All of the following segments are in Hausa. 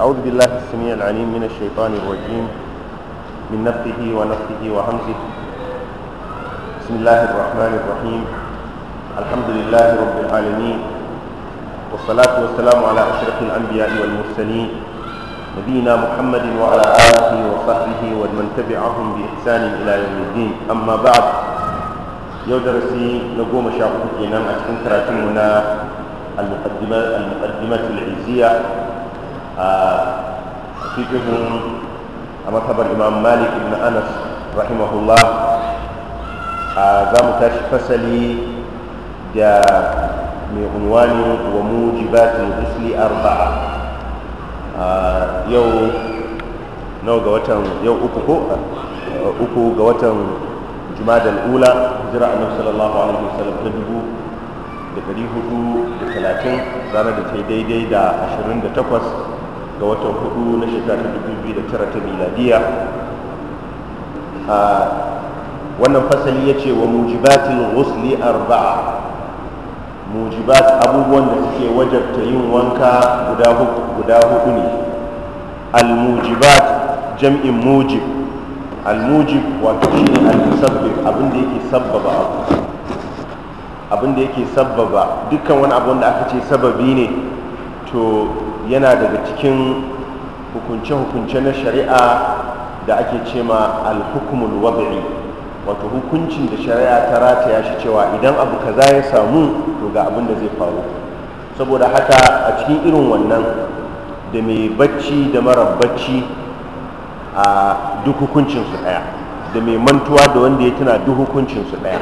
أعوذ بالله السميع العليم من الشيطان الرجيم من نفخه ونفخه وهمزه بسم الله الرحمن الرحيم الحمد لله رب العالمين والصلاة والسلام على أشرف الأنبياء والمرسلين نبينا محمد وعلى آله وصحبه ومن تبعهم بإحسان إلى يوم الدين أما بعد يودرسي نقوم شاقوك إنام أتكن المقدمة المقدمة العزية a cikin a makabar imam malik ibn anas rahimahullah a za mu tashi fasali da mai unwani wa mujibatul husli arba'a yau nau ga watan yau uku ko uku ga watan ula sallallahu alaihi ta dubu da dari hudu da talatin ranar da ta daidai da ashirin da takwas ga watan hudu na shekara ta 2009 ta miladiya wannan fasali ya ce wa mujibatin ghusli arba'a mujibat abubuwan da suke wajabta yin wanka guda hudu ne al-mujibat jam'in mujib al-mujib wato shi ne al-musabbib abinda yake sabbaba abu abinda yake sabbaba dukkan wani abu wanda aka ce sababi ne to yana daga cikin hukunce-hukunce na shari'a da ake ma alhukumul wabi'i wato hukuncin da shari'a ta rataya shi cewa idan abu kaza ya samu to ga abin da zai faru saboda haka a cikin irin wannan da mai bacci da mara bacci a duk hukuncinsu ɗaya da mai mantuwa da wanda ya tuna duk hukuncinsu ɗaya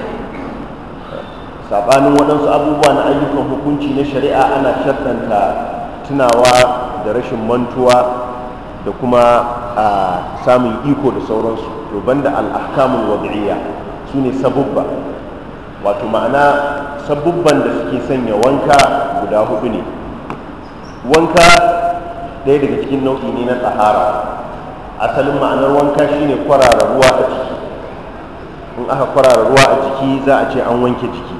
saɓanin waɗansu abubuwa na ayyukan hukunci na shari'a ana shartanta tunawa da rashin mantuwa da kuma a samun iko da sauransu to banda al'akamun wad'iyya su ne sabubba wato ma'ana sabubban da suke sanya wanka guda hudu ne wanka ɗaya daga cikin nau'i ne na tsahara asalin ma'anar wanka shine kwarara ruwa a jiki in aka kwarara ruwa a jiki za a ce an wanke jiki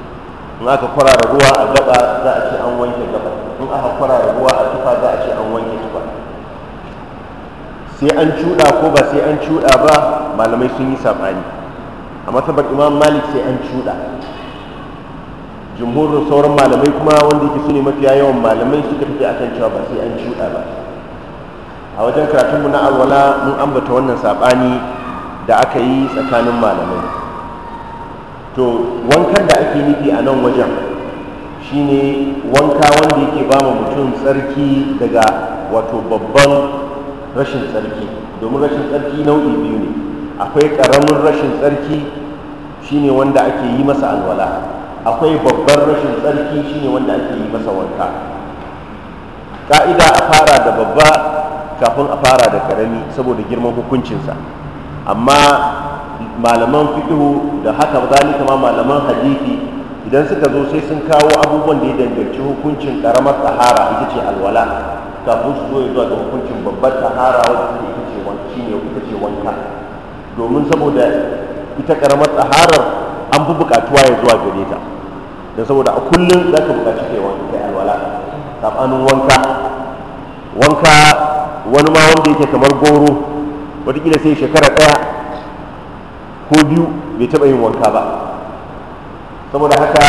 in aka kwarara ruwa a gaba za a ce an wanke gaba aka kwara da ruwa a tufa za a ce an wanke tufa sai an cuɗa ko ba sai an cuɗa ba malamai sun yi saɓani a matsabar imam malik sai an cuɗa jimhurin sauran malamai kuma wanda yake su ne mafiya yawan malamai suka tafi akan cewa ba sai an cuɗa ba a wajen karatunmu na alwala mun ambata wannan saɓani da aka yi tsakanin malamai to wankan da ake nufi a nan wajen shine wanka wanda yake ba mu mutum tsarki daga wato babban rashin tsarki domin rashin tsarki nau'i biyu ne akwai karamin rashin tsarki shine wanda ake yi masa alwala akwai babban rashin tsarki shine wanda ake yi masa wanka ka'ida a fara da babba kafin a fara da karami saboda girman hukuncinsa amma malaman fiɗo da haka zalika ma malaman hadithi idan suka zo sai sun kawo abubuwan da ya danganci hukuncin karamar tahara ita ce alwala kafin su zo ya zuwa ga hukuncin babbar tahara wadda ita ce wanki ne ita ce wanka domin saboda ita karamar taharar an fi buƙatuwa ya zuwa gare ta don saboda a kullum za ka buƙaci kai wanka kai alwala tsakanin wanka wanka wani ma wanda yake kamar goro wataƙila sai shekara ɗaya ko biyu bai taɓa yin wanka ba saboda haka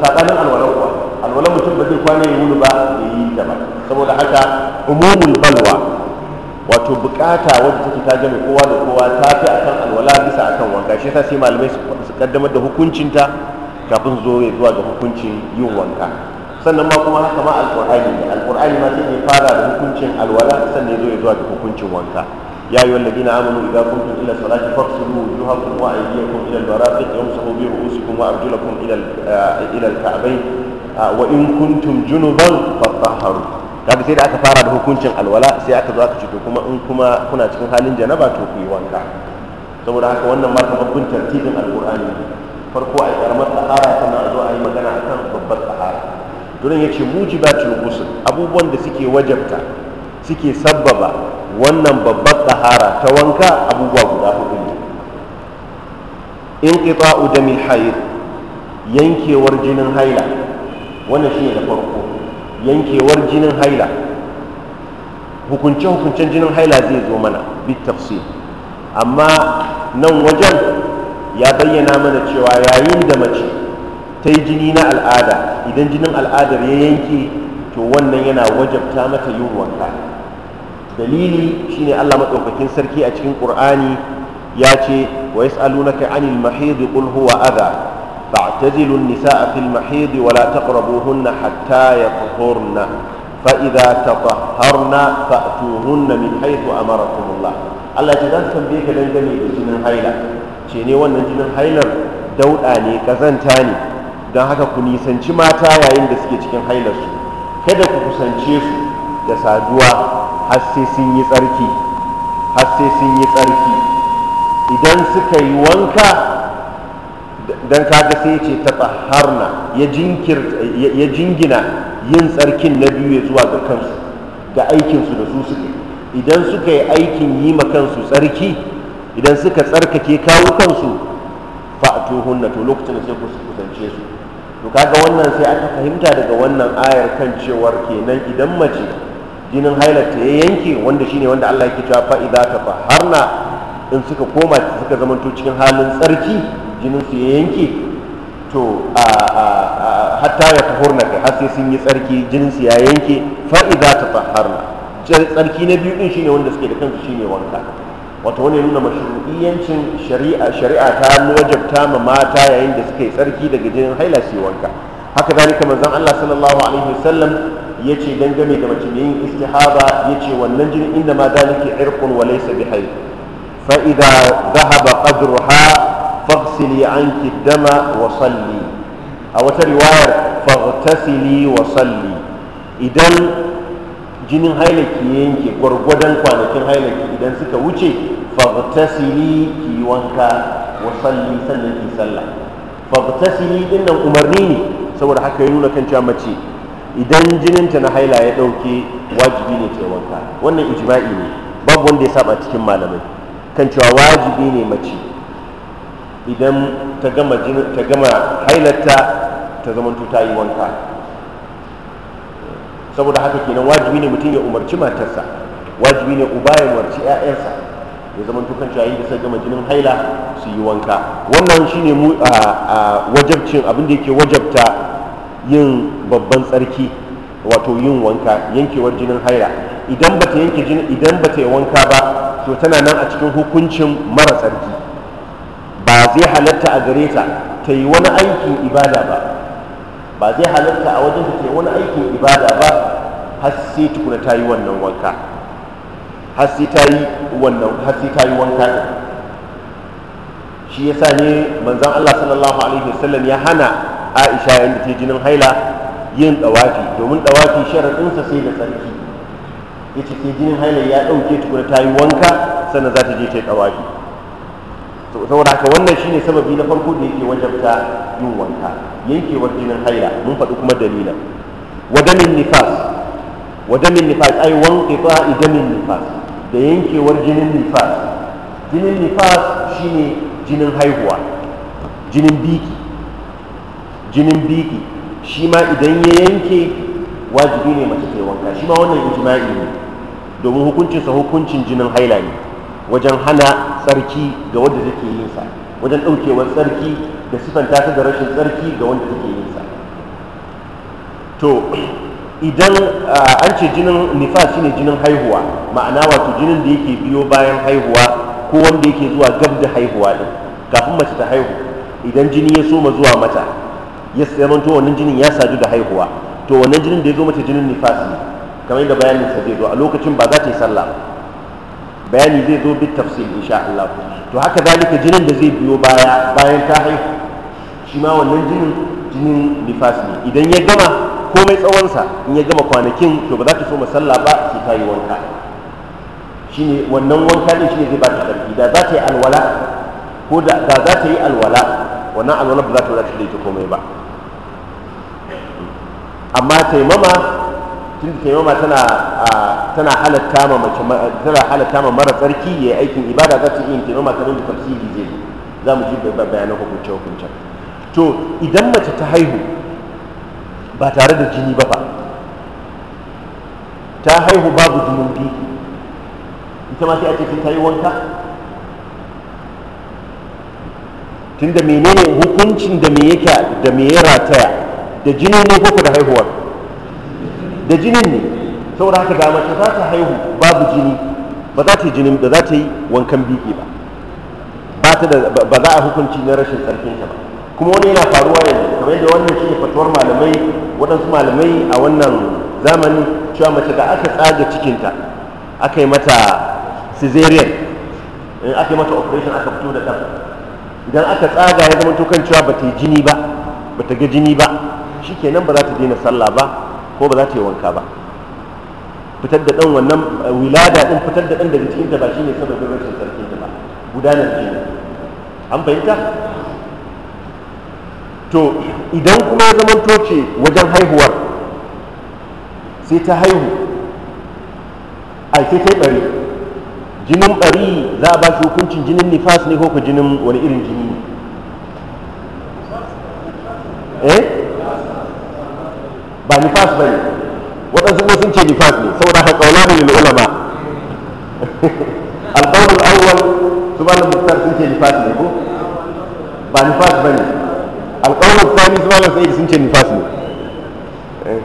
saɓanin alwalar kuwa alwalar mutum ba zai kwana yi wuni ba ya yi ta ba saboda haka umumul balwa wato bukata wadda take ta jami kowa da kowa ta fi akan alwala bisa akan wanka shi yasa sai malamai su kaddamar da hukuncinta kafin zo ya zuwa ga hukuncin yin wanka sannan ma kuma haka ma alƙur'ani ne alƙur'ani ma sai ya fara da hukuncin alwala sannan ya zo ya zuwa ga hukuncin wanka يا أيها الذين آمنوا إذا قمتم إلى الصلاة فاغسلوا وجوهكم وأيديكم إلى المرافق وامسحوا برؤوسكم وأرجلكم إلى إلى الكعبين وإن كنتم جنبا فطهروا kaga sai da aka fara da hukuncin alwala sai aka zo aka ci to kuma in kuma kuna cikin halin janaba to ku yi wanka saboda haka wannan ma kamar bin tartibin alqur'ani farko a karamar tsahara sannan a zo a yi magana akan babbar tsahara durin yace mujibatul ghusl abubuwan da suke wajabta suke sabbaba wannan babbar tsahara ta wanka abubuwa guda hudu ne in ƙita'u udamin haid yankewar jinin haila wannan ne da farko yankewar jinin haila hukunce-hukuncen jinin haila zai zo mana bit tafsir amma nan wajen ya bayyana mana cewa yayin da mace ta yi jini na al'ada idan jinin al'adar ya yanke to wannan yana wajabta mata yin wanka dalili shine Allah madaukakin sarki a cikin Qur'ani ya ce wa yas'alunaka 'anil mahid qul huwa adha فاعتزلوا النساء في المحيض ولا تقربوهن حتى يطهرن فإذا تطهرن فأتوهن من حيث أمركم الله Allah ce zan tambaye ka dangane da jinin haila ce ne wannan jinin hailar dauɗa ne kazanta ne don haka ku nisanci mata yayin da suke cikin su kada ku kusance su da saduwa har sai sun yi tsarki har sai sun yi tsarki idan suka yi wanka don kaga sai ce ta harna ya jingina yin tsarkin na biyu ya zuwa ga kansu ga aikinsu da su suke idan suka yi aikin yi ma kansu tsarki idan suka tsarkake kawo kansu hunna to lokacin da sai ku kusance su to kaga wannan sai aka fahimta daga wannan ayar kan cewar kenan idan mace jinin hailarta ya yanke wanda shine wanda Allah yake cewa fa idza tafaharna in suka koma suka zamanto cikin halin tsarki jinin su ya yanke to a hatta ya tahurna kai har sai sun yi tsarki jinin su ya yanke fa idza tafaharna tsarki na biyu din shine wanda suke da kansu shine wanka wato wani nuna mashru'iyyancin shari'a shari'a ta wajabta ma mata yayin da suka yi tsarki daga jinin haila su wanka haka zalika manzon Allah sallallahu alaihi wasallam ya ce dangane da mace mai yin istihaba ya ce wannan jini inda ma dalike irkun wa laysa bi hayy fa idza dhahaba qadruha faghsili anki dama wa salli a wata riwayar faghtasili wa salli idan jinin hailaki ya yanke gwargwadon kwanakin hailaki idan suka wuce faghtasili ki wanka wa salli sannan ki sallah faghtasili din nan umarni ne saboda haka ya nuna kan cewa mace idan jininta na haila ya ɗauke wajibi ne ta wanka wannan ijma'i ne babu wanda ya saba cikin malamai kan cewa wajibi ne mace idan ta gama ta gama hailarta ta zamanto ta yi wanka saboda haka kenan wajibi ne mutum ya umarci matarsa wajibi ne uba ya umarci 'ya'yansa ya zama tukan cewa da sai gama jinin haila su yi wanka wannan shine mu a wajabcin abin da yake wajabta yin babban tsarki wato yin wanka yankewar jinin haira idan bata yanke jini idan bata yi wanka ba to tana nan a cikin hukuncin mara tsarki ba zai halatta a gare ta ta yi wani aikin ibada ba ba zai halatta a wajen ta yi wani aikin ibada ba har sai tukuna ta yi wannan wanka har sai ta yi wannan har sai ta yi wanka shi yasa ne manzon Allah sallallahu alaihi wasallam ya hana aisha yadda ta jinin haila yin ɗawafi domin ɗawafi sharaɗinsa sai da tsarki ya ce jinin haila ya ɗauke tukuna ta yi wanka sannan za ta je ta yi ɗawafi saboda haka wannan shine sababi na farko da yake wajabta yin wanka yankewar jinin haila mun faɗi kuma dalilan wadamin nifas wadamin nifas ai wanqita idamin nifas da yankewar jinin nifas jinin nifas shine jinin haihuwa jinin biki jinin biki shi ma idan ya yanke wajibi ne mace ta wanka shi ma wannan ijma'i ne domin hukuncinsa hukuncin jinin haila ne wajen hana tsarki ga wanda take yin sa wajen ɗaukewar tsarki da sifanta ta da rashin tsarki ga wanda take yin sa to idan an ce jinin nifas shine jinin haihuwa ma'ana wato jinin da yake biyo bayan haihuwa ko wanda yake zuwa gab da haihuwa din kafin mace ta haihu idan jini ya soma zuwa mata ya zamanto wannan jinin ya sadu da haihuwa to wannan jinin da ya zo mata jinin nifasi ne kamar yadda bayanin sa zai zo a lokacin ba za ta yi sallah bayani zai zo bi tafsil insha Allah to haka zalika jinin da zai biyo baya bayan ta haihu shi ma wannan jinin jinin nifasi ne idan ya gama komai tsawonsa in ya gama kwanakin to ba za ta so sallah ba sai ta yi wanka shine wannan wanka ne shine zai ba ta karfi da za ta yi alwala ko da za ta yi alwala wannan alwala ba za ta wadatar da ita komai ba amma taimama tun taimama tana halatta ma mace tana halatta ma mara tsarki ya yi aikin ibada za ta yi taimama ta nuna tafsiri zai za mu ji bayanan hukunce hukunce to idan mace ta haihu ba tare da jini ba ba ta haihu babu zunubi ita ma sai a cikin ta yi wanka tunda menene hukuncin da me yake da me ya rataya da jini ne ko da haihuwar da jini ne saboda haka da mace za ta haihu babu jini ba za ta yi jinin da za ta yi wankan biki ba ba za a hukunci na rashin tsarkin ta ba kuma wani yana faruwa yanzu kamar yadda wannan shi ne fatuwar malamai waɗansu malamai a wannan zamani cewa mace da aka tsaga cikinta aka yi mata cesarean in aka yi mata operation aka fito da ɗan idan aka tsaga ya zama to kan cewa ba ta yi jini ba ba ta ga jini ba shikenan ba za ta daina sallah ba ko ba za ta yi wanka ba fitar da ɗan wannan eh, wilada ɗin fitar da ɗan daga cikin ta ba shine saboda rashin sarkin ta ba gudanar jini an fahimta to idan kuma ya zama toce wajen haihuwar sai ta haihu a sai ta ɓari jinin ɓari za a ba shi hukuncin jinin nifas ne ko ku jinin wani irin jini ne eh ba nifas ba ne waɗansu ko sun ce nifas ne saboda haka ne na ulama alqawl al su ba muktar sun ce nifas ne ko ba nifas ba ne alqawl su thani subhanahu sa'id sun ce nifas ne eh,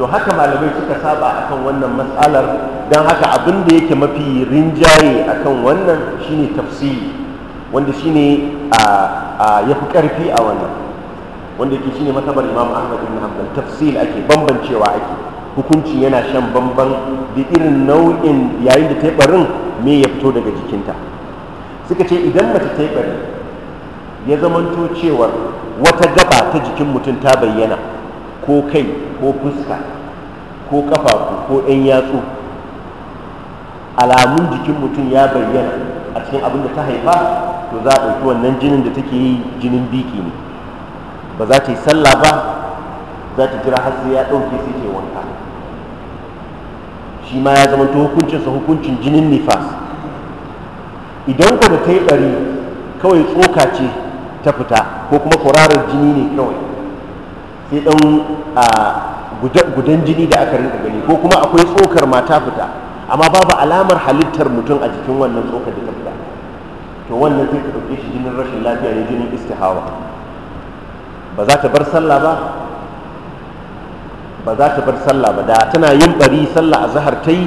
to haka malamai suka saba akan wannan matsalar don haka abin da yake mafi rinjaye akan wannan shine tafsiri wanda shine ya fi ƙarfi a wannan wanda yake shine matabar imam ahmad ibn hanbal tafsil ake bambancewa ake hukunci yana shan bamban da irin nau'in yayin da taibarin me ya fito daga jikinta suka ce idan mace taibari ya zamanto cewar wata gaba ta jikin mutum ta bayyana ko kai ko fuska ko kafafu ko ɗan yatsu alamun jikin mutum ya bayyana a cikin abin da ta haifa to za a ɗauki wannan jinin da take yi jinin biki ne ba za ta yi sallah ba za ta jira har sai ya ɗauke sai ta wanka shi ma ya zama hukuncinsa hukuncin jinin nifas idan ku da ta yi ɗari kawai tsoka ce ta fita ko kuma kwararar jini ne kawai sai ɗan gudan jini da aka rinka gani ko kuma akwai tsokar ma ta fita amma babu alamar halittar mutum a jikin wannan tsokar da ta fita to wannan sai ka ɗauke shi jinin rashin lafiya ne jinin istihawa ba za ta bar sallah ba ba za ta bar sallah ba da tana yin bari sallah a zahar ta yi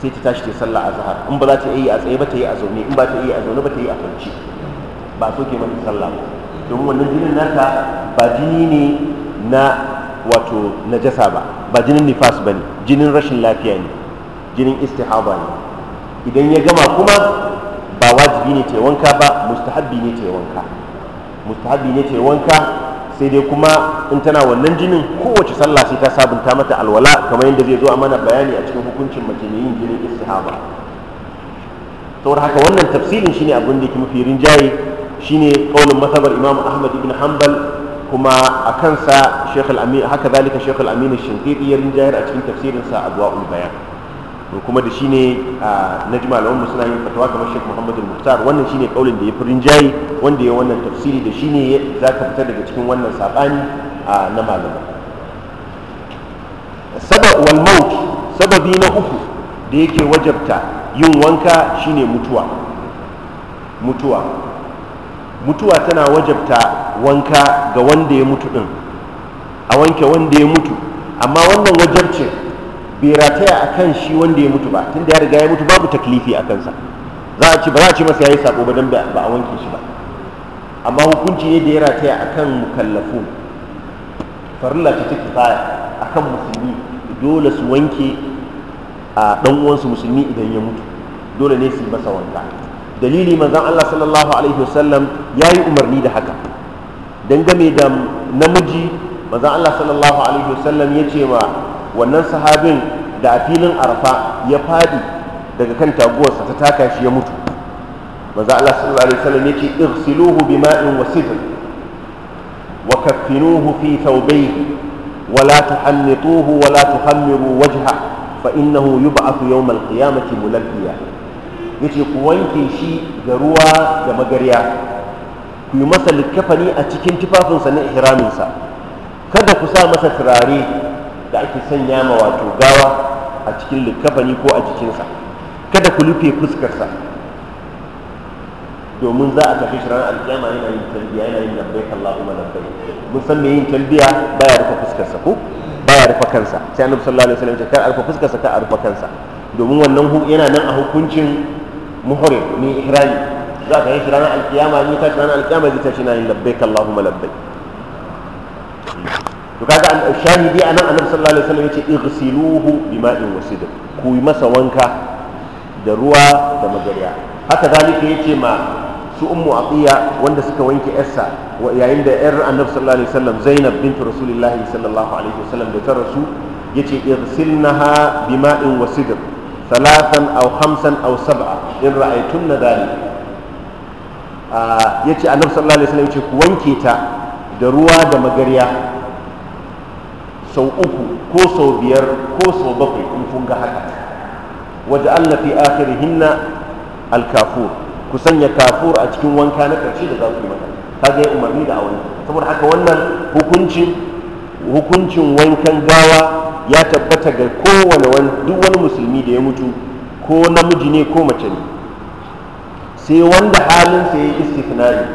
sai ta tashi ta sallah a zahar in ba za ta yi a tsaye ba ta yi a zaune in ba ta yi a zaune ba ta yi a kwanci ba so ke mata sallah ba domin wannan jinin nata ba jini ne na wato najasa ba ba jinin nifas ba ne jinin rashin lafiya ne jinin istihaba ne idan ya gama kuma ba wajibi ne ta wanka ba mustahabbi ne ta wanka mustahabi ne ta yi wanka sai dai kuma in tana wannan jinin kowace sallah sai ta sabunta mata alwala kamar yadda zai zo a mana bayani a cikin hukuncin mace mai yin jinin istihaba saboda haka wannan tafsirin shine abin da yake mafi rinjaye shine kaulin masabar imam ahmad ibn hanbal kuma a kansa shekul amin haka zalika shekul amin shinkiri ya rinjayar a cikin tafsirinsa adwa'ul bayan to kuma da shine na ji malaman suna yin fatawa kamar Sheikh Muhammadu muhtar wannan shine kaulin da ya fi rinjaye wanda ya wannan tafsiri da shine za ka fita daga cikin wannan sabani na malama sabab wal maut sababi na uku da yake wajabta yin wanka shine mutuwa mutuwa mutuwa tana wajabta wanka ga wanda ya mutu din a wanke wanda ya mutu amma wannan wajabcin bai rataya a kan shi wanda ya mutu ba tun da ya riga ya mutu babu taklifi a kansa za a ce ba za a ci masa ya yi sabo ba don ba a wanke shi ba amma hukunci ne da ya rataya a kan mukallafu farilla ta take baya a kan musulmi dole su wanke a ɗan uwansu musulmi idan ya mutu dole ne su yi masa wanka dalili manzon Allah sallallahu alaihi wasallam ya yi umarni da haka dangane da namiji manzon Allah sallallahu alaihi wasallam ya ce ma wannan sahabin da a filin arfa ya fadi daga kan taguwarsa ta taka shi ya mutu manzo Allah sallallahu alaihi wasallam yake irsiluhu bima'in wa sidr wa kaffinuhu fi thawbayhi wa la tuhannituhu wa la tuhammiru wajha fa innahu yub'athu yawm al-qiyamati mulabbiya yace ku wanke shi da ruwa da magarya ku yi masa likkafani a cikin tufafinsa na ihraminsa kada ku sa masa turare da ake sanya ma wato gawa a cikin likafani ko a jikinsa kada ku rufe fuskarsa domin za a tafi shi alƙiyama yana yin talbiya yana yin labbai ma labbai mun san me yin talbiya baya rufe fuskarsa ko baya rufe kansa sai annabi sallallahu alaihi wasallam ya ce kar a rufe fuskarsa kar a rufe kansa domin wannan yana nan a hukuncin muhrim ni ihrami za ka yi shi alƙiyama ni ta shi ranar alƙiyama zai ta shi na yin labbai ma labbai to kaga bi anan annabi sallallahu alaihi wasallam yace igsiluhu bima'in wasid ku yi masa wanka da ruwa da magarya haka zalika yace ma su ummu aqiya wanda suka wanke yarsa yayin da yar annabi sallallahu alaihi wasallam zainab bint rasulullah sallallahu alaihi wasallam da ta rasu yace igsilnaha bima'in wasid thalathan aw khamsan aw sab'a in ra'aytunna dhalik ah, yace annabi sallallahu alaihi wasallam yace ku wanke ta da ruwa da magarya sau uku ko sau biyar ko sau bakwai in kun ga haka waje Allah fi hinna al-kafur ku sanya kafur a cikin wanka na ƙarshe da za ku yi mata kaga ya umarni da aure saboda haka wannan hukuncin hukuncin wankan gawa ya tabbata ga kowane duk wani musulmi da ya mutu ko namiji ne ko mace ne sai wanda halinsa ya yi istifnari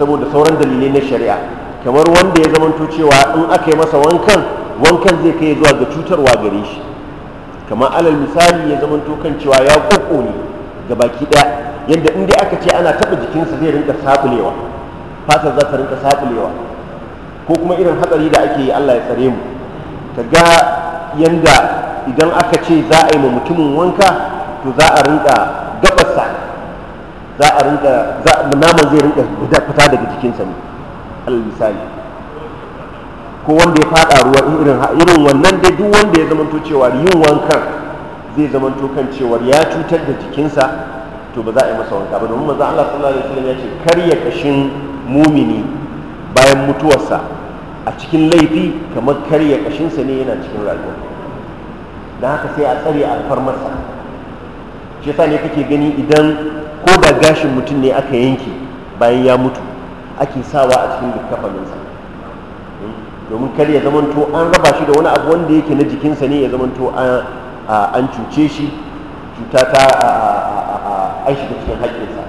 saboda sauran dalilai na shari'a kamar wanda ya zamanto cewa in aka yi masa wankan wankan zai kai zuwa ga cutarwa gare shi kamar alal misali ya zama kan cewa ya ne ga baki ɗaya. yadda inda aka ce ana taɓa jikinsa zai rinka sabulewa fatar za ta rinka sabulewa ko kuma irin hatsari da ake yi allah ya tsare mu ka ga yadda idan aka ce za a yi ma mutumin wanka to za a rinka gabasa za a rinka naman zai rinka fita daga jikinsa ne alal misali ko wanda ya fada ruwa irin irin wannan dai duk wanda ya zamanto cewa yin wankan zai zamanto kan cewa ya cutar da jikinsa to ba za a yi masa wanka ba domin manzo Allah sallallahu alaihi wasallam ya ce karya kashin mumini bayan mutuwarsa a cikin laifi kamar karya kashinsa ne yana cikin rayuwa da haka sai a tsare alfarmarsa shi yasa ne kake gani idan ko da gashin mutum ne aka yanke bayan ya mutu ake sawa a cikin dukkafaninsa domin kar ya zamanto an raba shi da wani abu wanda yake na jikinsa ne ya zamanto an cuce shi cuta ta an shiga cikin haƙƙinsa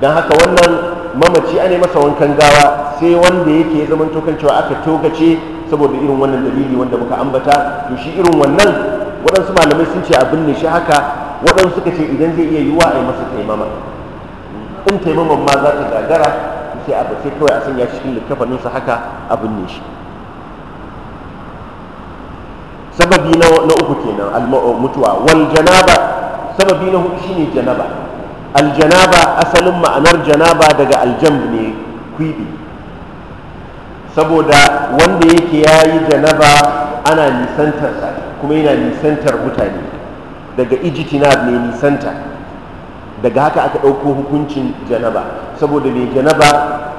don haka wannan mamaci ne masa wankan gawa sai wanda yake ya zamanto kan cewa aka togace saboda irin wannan dalili wanda muka ambata to shi irin wannan waɗansu malamai sun ce abin ne shi haka waɗansu suka ce idan zai iya yiwuwa a yi masa taimama in taimaman ma za ta gagara sai a sai kawai a sanya cikin littafaninsa haka abin ne shi sababi na uku kenan mutuwa wal janaba sababi na hudu shine janaba al janaba asalin ma'anar janaba daga aljamb ne kwibi saboda wanda yake yayi janaba ana nisantar kuma yana nisantar mutane daga ijtinab ne nisanta daga haka aka ɗauko hukuncin janaba saboda mai janaba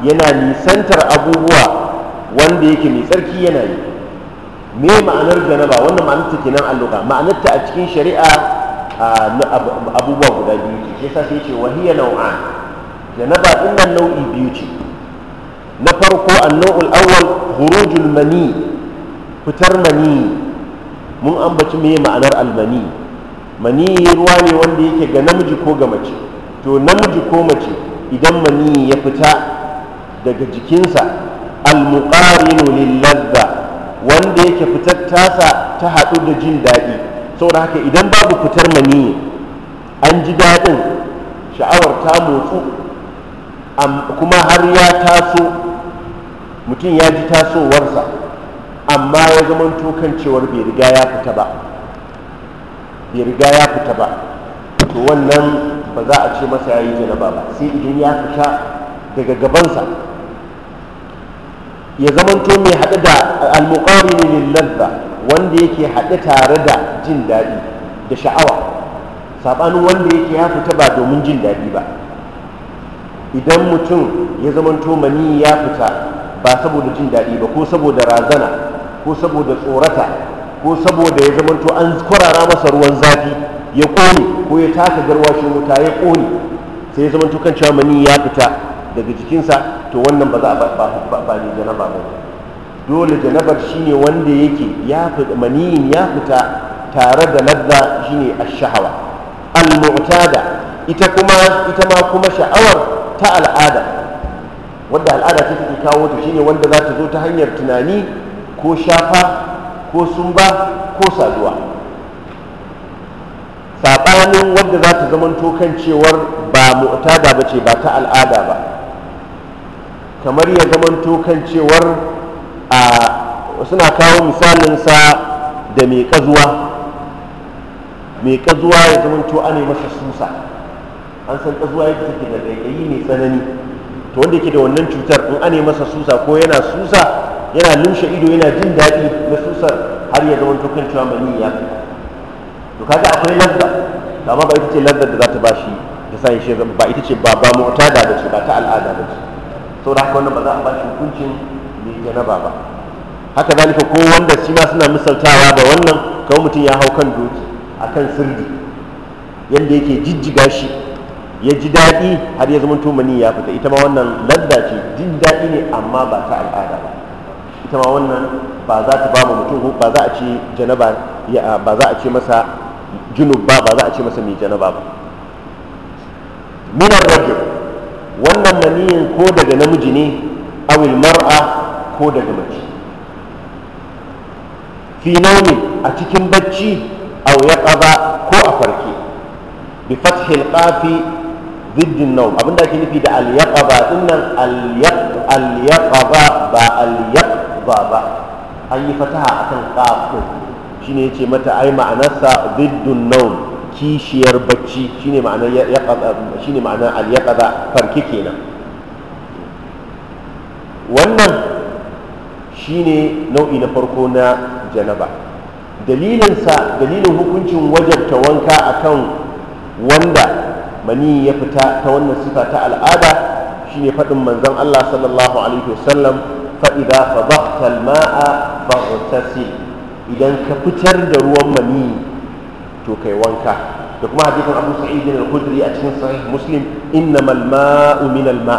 yana nisantar abubuwa wanda yake mai tsarki yana yi me ma'anar janaba wannan ma'anar ta kenan alluga ma'anar ta a cikin shari'a abubuwa guda biyu ce sai ce wahiya nau'an janaba din nan nau'i biyu ce na farko annau'ul awwal khurujul mani fitar mani mun ambaci me ma'anar almani mani ruwa ne wanda yake ga namiji ko ga mace to namiji ko mace idan mani ya fita daga jikinsa al al-muqarinu lil ladha wanda yake fitar tasa ta haɗu da jin daɗi saboda haka idan babu fitar maniyi an ji daɗin sha'awar ta motsu kuma har ya taso mutum ya ji tasowarsa amma ya zama tokan cewar bai riga ya fita ba riga ya fita ba to wannan ba za a ce masa ya yi ba sai idan ya fita daga gabansa ya zamanto mai haɗe da almuqarini lil ladha wanda yake haɗe tare da jin daɗi da sha'awa saɓanin wanda yake ya fita ba domin jin daɗi ba idan mutum ya zamanto mani ya fita ba saboda jin daɗi ba ko saboda razana ko saboda tsorata ko saboda ya zamanto an kwarara masa ruwan zafi ya ƙone ko ya taka garwashin wuta ya ƙone sai ya zamanto kan cewa mani ya fita daga jikinsa to wannan ba za a ba ne janaba ba dole janabar shine wanda yake ya fita maniyin ya fita tare da ladda shine ash-shahawa al-mu'tada ita kuma kuma sha'awar ta al'ada wanda al'ada ta take kawo ta shine wanda za ta zo ta hanyar tunani ko shafa ko sumba ko saduwa saɓanin wadda za ta zamanto kan cewar ba mu'tada ba ce ba ta al'ada ba kamar ya zamanto tokan cewar a suna kawo misalinsa da mai kazuwa mai kazuwa ya zamanto ana masa susa an san kazuwa ya take da daidai mai tsanani to wanda yake da wannan cutar in ana masa susa ko yana susa yana lushe ido yana jin daɗi na susar har ya zamanto tokan cewa mani ya to kaga akwai lazza amma ba ita ce lazzar da za ta bashi da sa shi ba ita ce ba ba mu'tada da ce ba ta al'ada da ce saboda haka wannan ba za a bashi hukuncin mai janaba ba haka zalika ko wanda shi ma suna misaltawa da wannan kawo mutum ya hau kan doki a kan sirri yadda yake jijjiga shi ya ji daɗi har ya zama tumani ya fita ita ma wannan ladda ce jin daɗi ne amma ba ta al'ada ba ita ma wannan ba za ta ba mu mutum ba za a ce janaba ba za a ce masa junub ba ba za a ce masa mai janaba ba minar rajul wannan maniyin ko daga namiji ne awil mar'a ko daga mace fi a cikin bacci aw ƙaba ko a farke bi fathil qafi ziddin naum abinda ake nufi da alyaƙa ba dinnan al yaqaba ba al ba an yi fataha akan qaf shine yace mata ai ma'anarsa ziddun nau. kishiyar bacci shine ma'ana shine ma'anar al farki kenan wannan shine nau'i na farko na janaba dalilin sa dalilin hukuncin wajabta wanka akan wanda mani ya fita ta wannan sifa ta al'ada shine faɗin manzon Allah sallallahu alaihi wasallam fa idza fadhta al-ma'a faghtasil idan ka fitar da ruwan maniyi to kai wanka da kuma hadisin abu sa'id al-khudri a cikin sahih muslim innamal ma'u min al-ma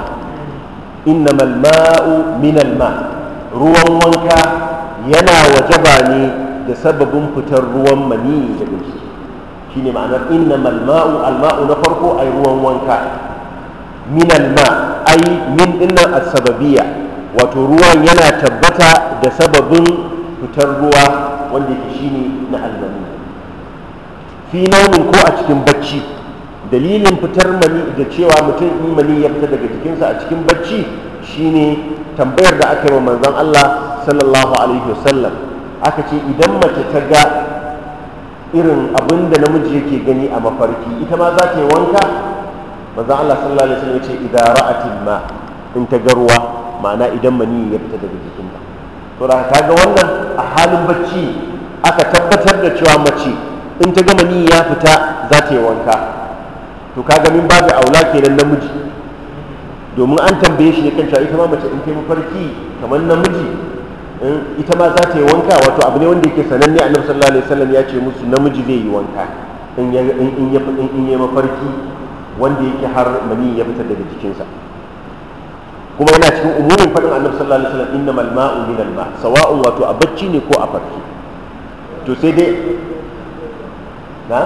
innamal ma'u min al-ma ruwan wanka yana wajaba ne da sababin fitar ruwan mani daga shi shine ma'anar innamal ma'u al-ma'u na farko ai ruwan wanka min al-ma ai min dinnan as-sababiyya wato ruwan yana tabbata da sababin fitar ruwa wanda yake shine na al fi naumin ko a cikin bacci dalilin fitar mani da cewa mutum in mani ya fita daga jikinsa a cikin bacci shine tambayar da aka yi wa manzon Allah sallallahu alaihi wasallam aka ce idan mace ta ga irin abin da namiji yake gani a mafarki ita ma za ta yi wanka manzon Allah sallallahu alaihi wasallam ya ce idan ra'atil ma in ta ga ruwa ma'ana idan mani ya fita daga jikinta to ga wannan a halin bacci aka tabbatar da cewa mace in ta gama ni ya fita za ta yi wanka to kaga min babu aula kenan namiji domin an tambaye shi ne kan cewa ita ma mace in kai mafarki kamar namiji ita ma za ta yi wanka wato abu ne wanda yake sananne nan sallallahu alaihi wasallam ya ce musu namiji zai yi wanka in ya in ya mafarki wanda yake har mani ya fita daga jikinsa kuma yana cikin umurin faɗin annabi sallallahu alaihi wasallam innamal ma'u minal ma sawa'un wato a bacci ne ko a farki to sai dai Ha?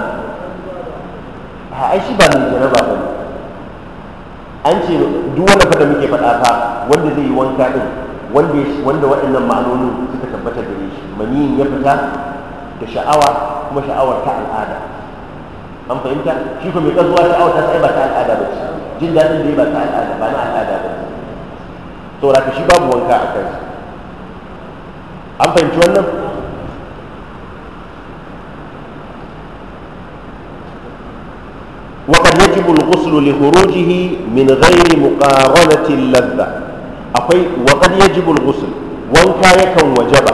a ai shi ba mai jana ba an ce duk wanda fada muke faɗa fa wanda zai yi wanka din wanda waɗannan ma'anonin suka tabbata gare shi maniyin ya fita da sha'awa kuma sha'awar ta al'ada an fahimta shi ko mai kazuwa sha'awar ta sai ba ta al'ada ba ce jin daɗin da ya ba ta al'ada ba na al'ada ba saboda ka shi babu wanka a kansa an fahimci wannan yajibu al-ghusl li khurujihi min ghairi muqaranati al-ladha akwai wa qad yajibu al-ghusl wanka yakan wajaba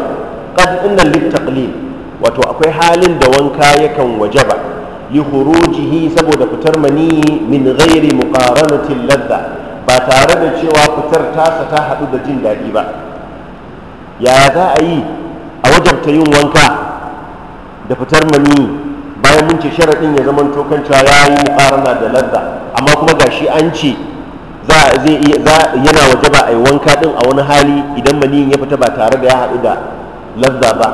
qad inna lit wato akwai halin da wanka yakan wajaba li khurujihi saboda fitar mani min ghairi muqaranati al-ladha ba tare da cewa fitar tasa ta hadu da jin dadi ba ya za a yi a wajabta yin wanka da fitar maniyi? bayan mun ce sharaɗin ya zama tokan cewa ya yi ƙarana da ladda amma kuma ga shi an ce za a yana waje ba a yi wanka ɗin a wani hali idan maniyin ya fita ba tare da ya haɗu da ladda ba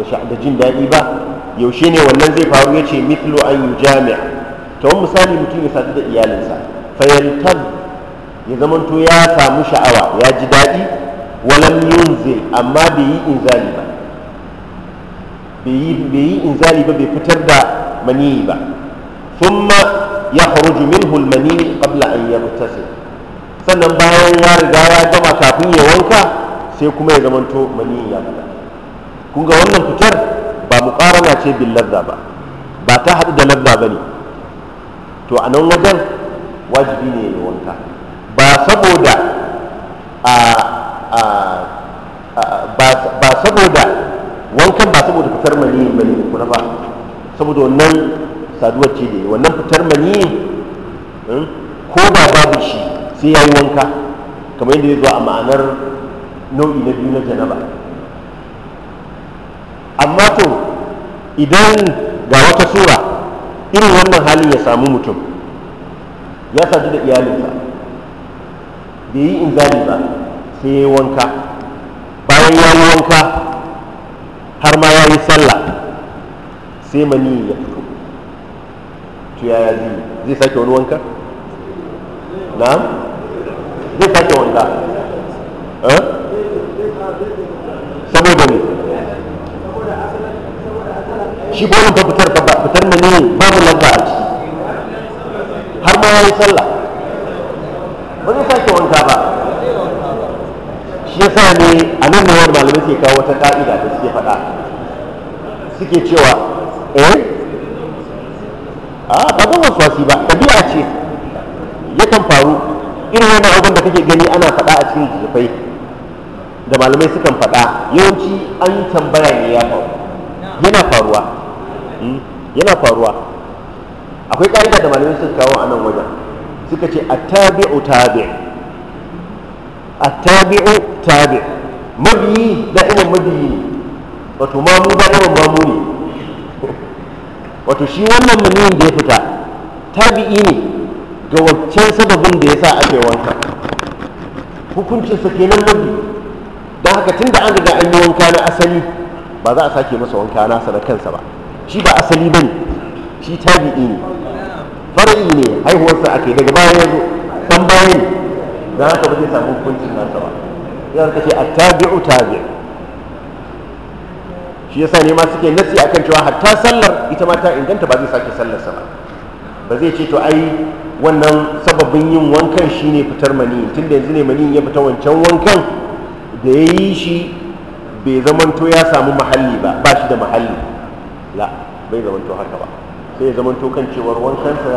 da jin daɗi ba yaushe ne wannan zai faru ya ce mithlu an yi jami'a ta wani misali mutum ya sadu da iyalinsa fayantar ya zamanto ya samu sha'awa ya ji daɗi walam yunzil amma bai yi inzali ba bai yi inzali ba bai fitar da maniyi ba thumma yakhruju minhu al-mani qabla an yabtasil sannan bayan ya riga ya gama kafin ya wanka sai kuma ya zamanto maniyi ya fita kun ga wannan fitar ba muqarana ce bil ladda ba ba ta haɗu da ladda bane to a nan wajen wajibi ne ya wanka ba saboda a ba saboda wankan ba saboda fitar maniyin ba ne kuna ba saboda wannan saduwar ce ne wannan fitar maniyin hmm, ko ba babu shi sai ya yi wanka kamar yadda ya zo a ma'anar nau'i na biyu na ba amma to idan ga wata sura irin wannan halin ya samu mutum ya sadu da iyalinsa bai yi inzali ba sai ya yi wanka bayan ya yi wanka har ma ya yi sallah sai mani ya fito to yaya zai zai sake wani wanka na zai sake wanka eh? saboda ne shi ko wani fitar ba fitar mani babu lamba a ciki har ma ya yi sallah ba zai sake wanka ba shi sa ne a nan ne malamai ke kawo wata ka'ida da suke faɗa suke cewa eh a ba zan wasuwasi ba ɗabi'a ce yakan faru irin wani abin da kake gani ana faɗa a cikin jifai da malamai sukan faɗa yawanci an yi tambaya ne ya faru yana faruwa hmm, yana faruwa akwai ka'ida da malamai suka kawo a nan wajen suka ce a tabi'u tabi'u tabi mabiyi ilin mabiyi ne wato mamu da'iman mamu ne wato shi wannan mamiyin da ya fita tabi'i ne ga wacce sababin da ya sa ake wanka hukuncinsa kenan mabi don haka tun da an riga an yi wanka na asali ba za a sake masa wanka nasa da kansa ba shi ba asali ba ne shi tabi'i ne fara'i ne haihuwarsa ake daga bayan yanzu zo bayan ne don haka ba zai samu hukuncin nasa ba za ka ce attabi'u tabi' shi yasa ne ma suke nasi akan cewa hatta sallar ita ma ta inganta ba zai sake sallar sa ba ba zai ce to ai wannan sababin yin wankan shi ne fitar mani tunda yanzu ne mani ya fita wancan wankan da ya yi shi bai zamanto ya samu mahalli ba ba shi da mahalli la bai zamanto haka ba sai ya zamanto kan cewar wankansa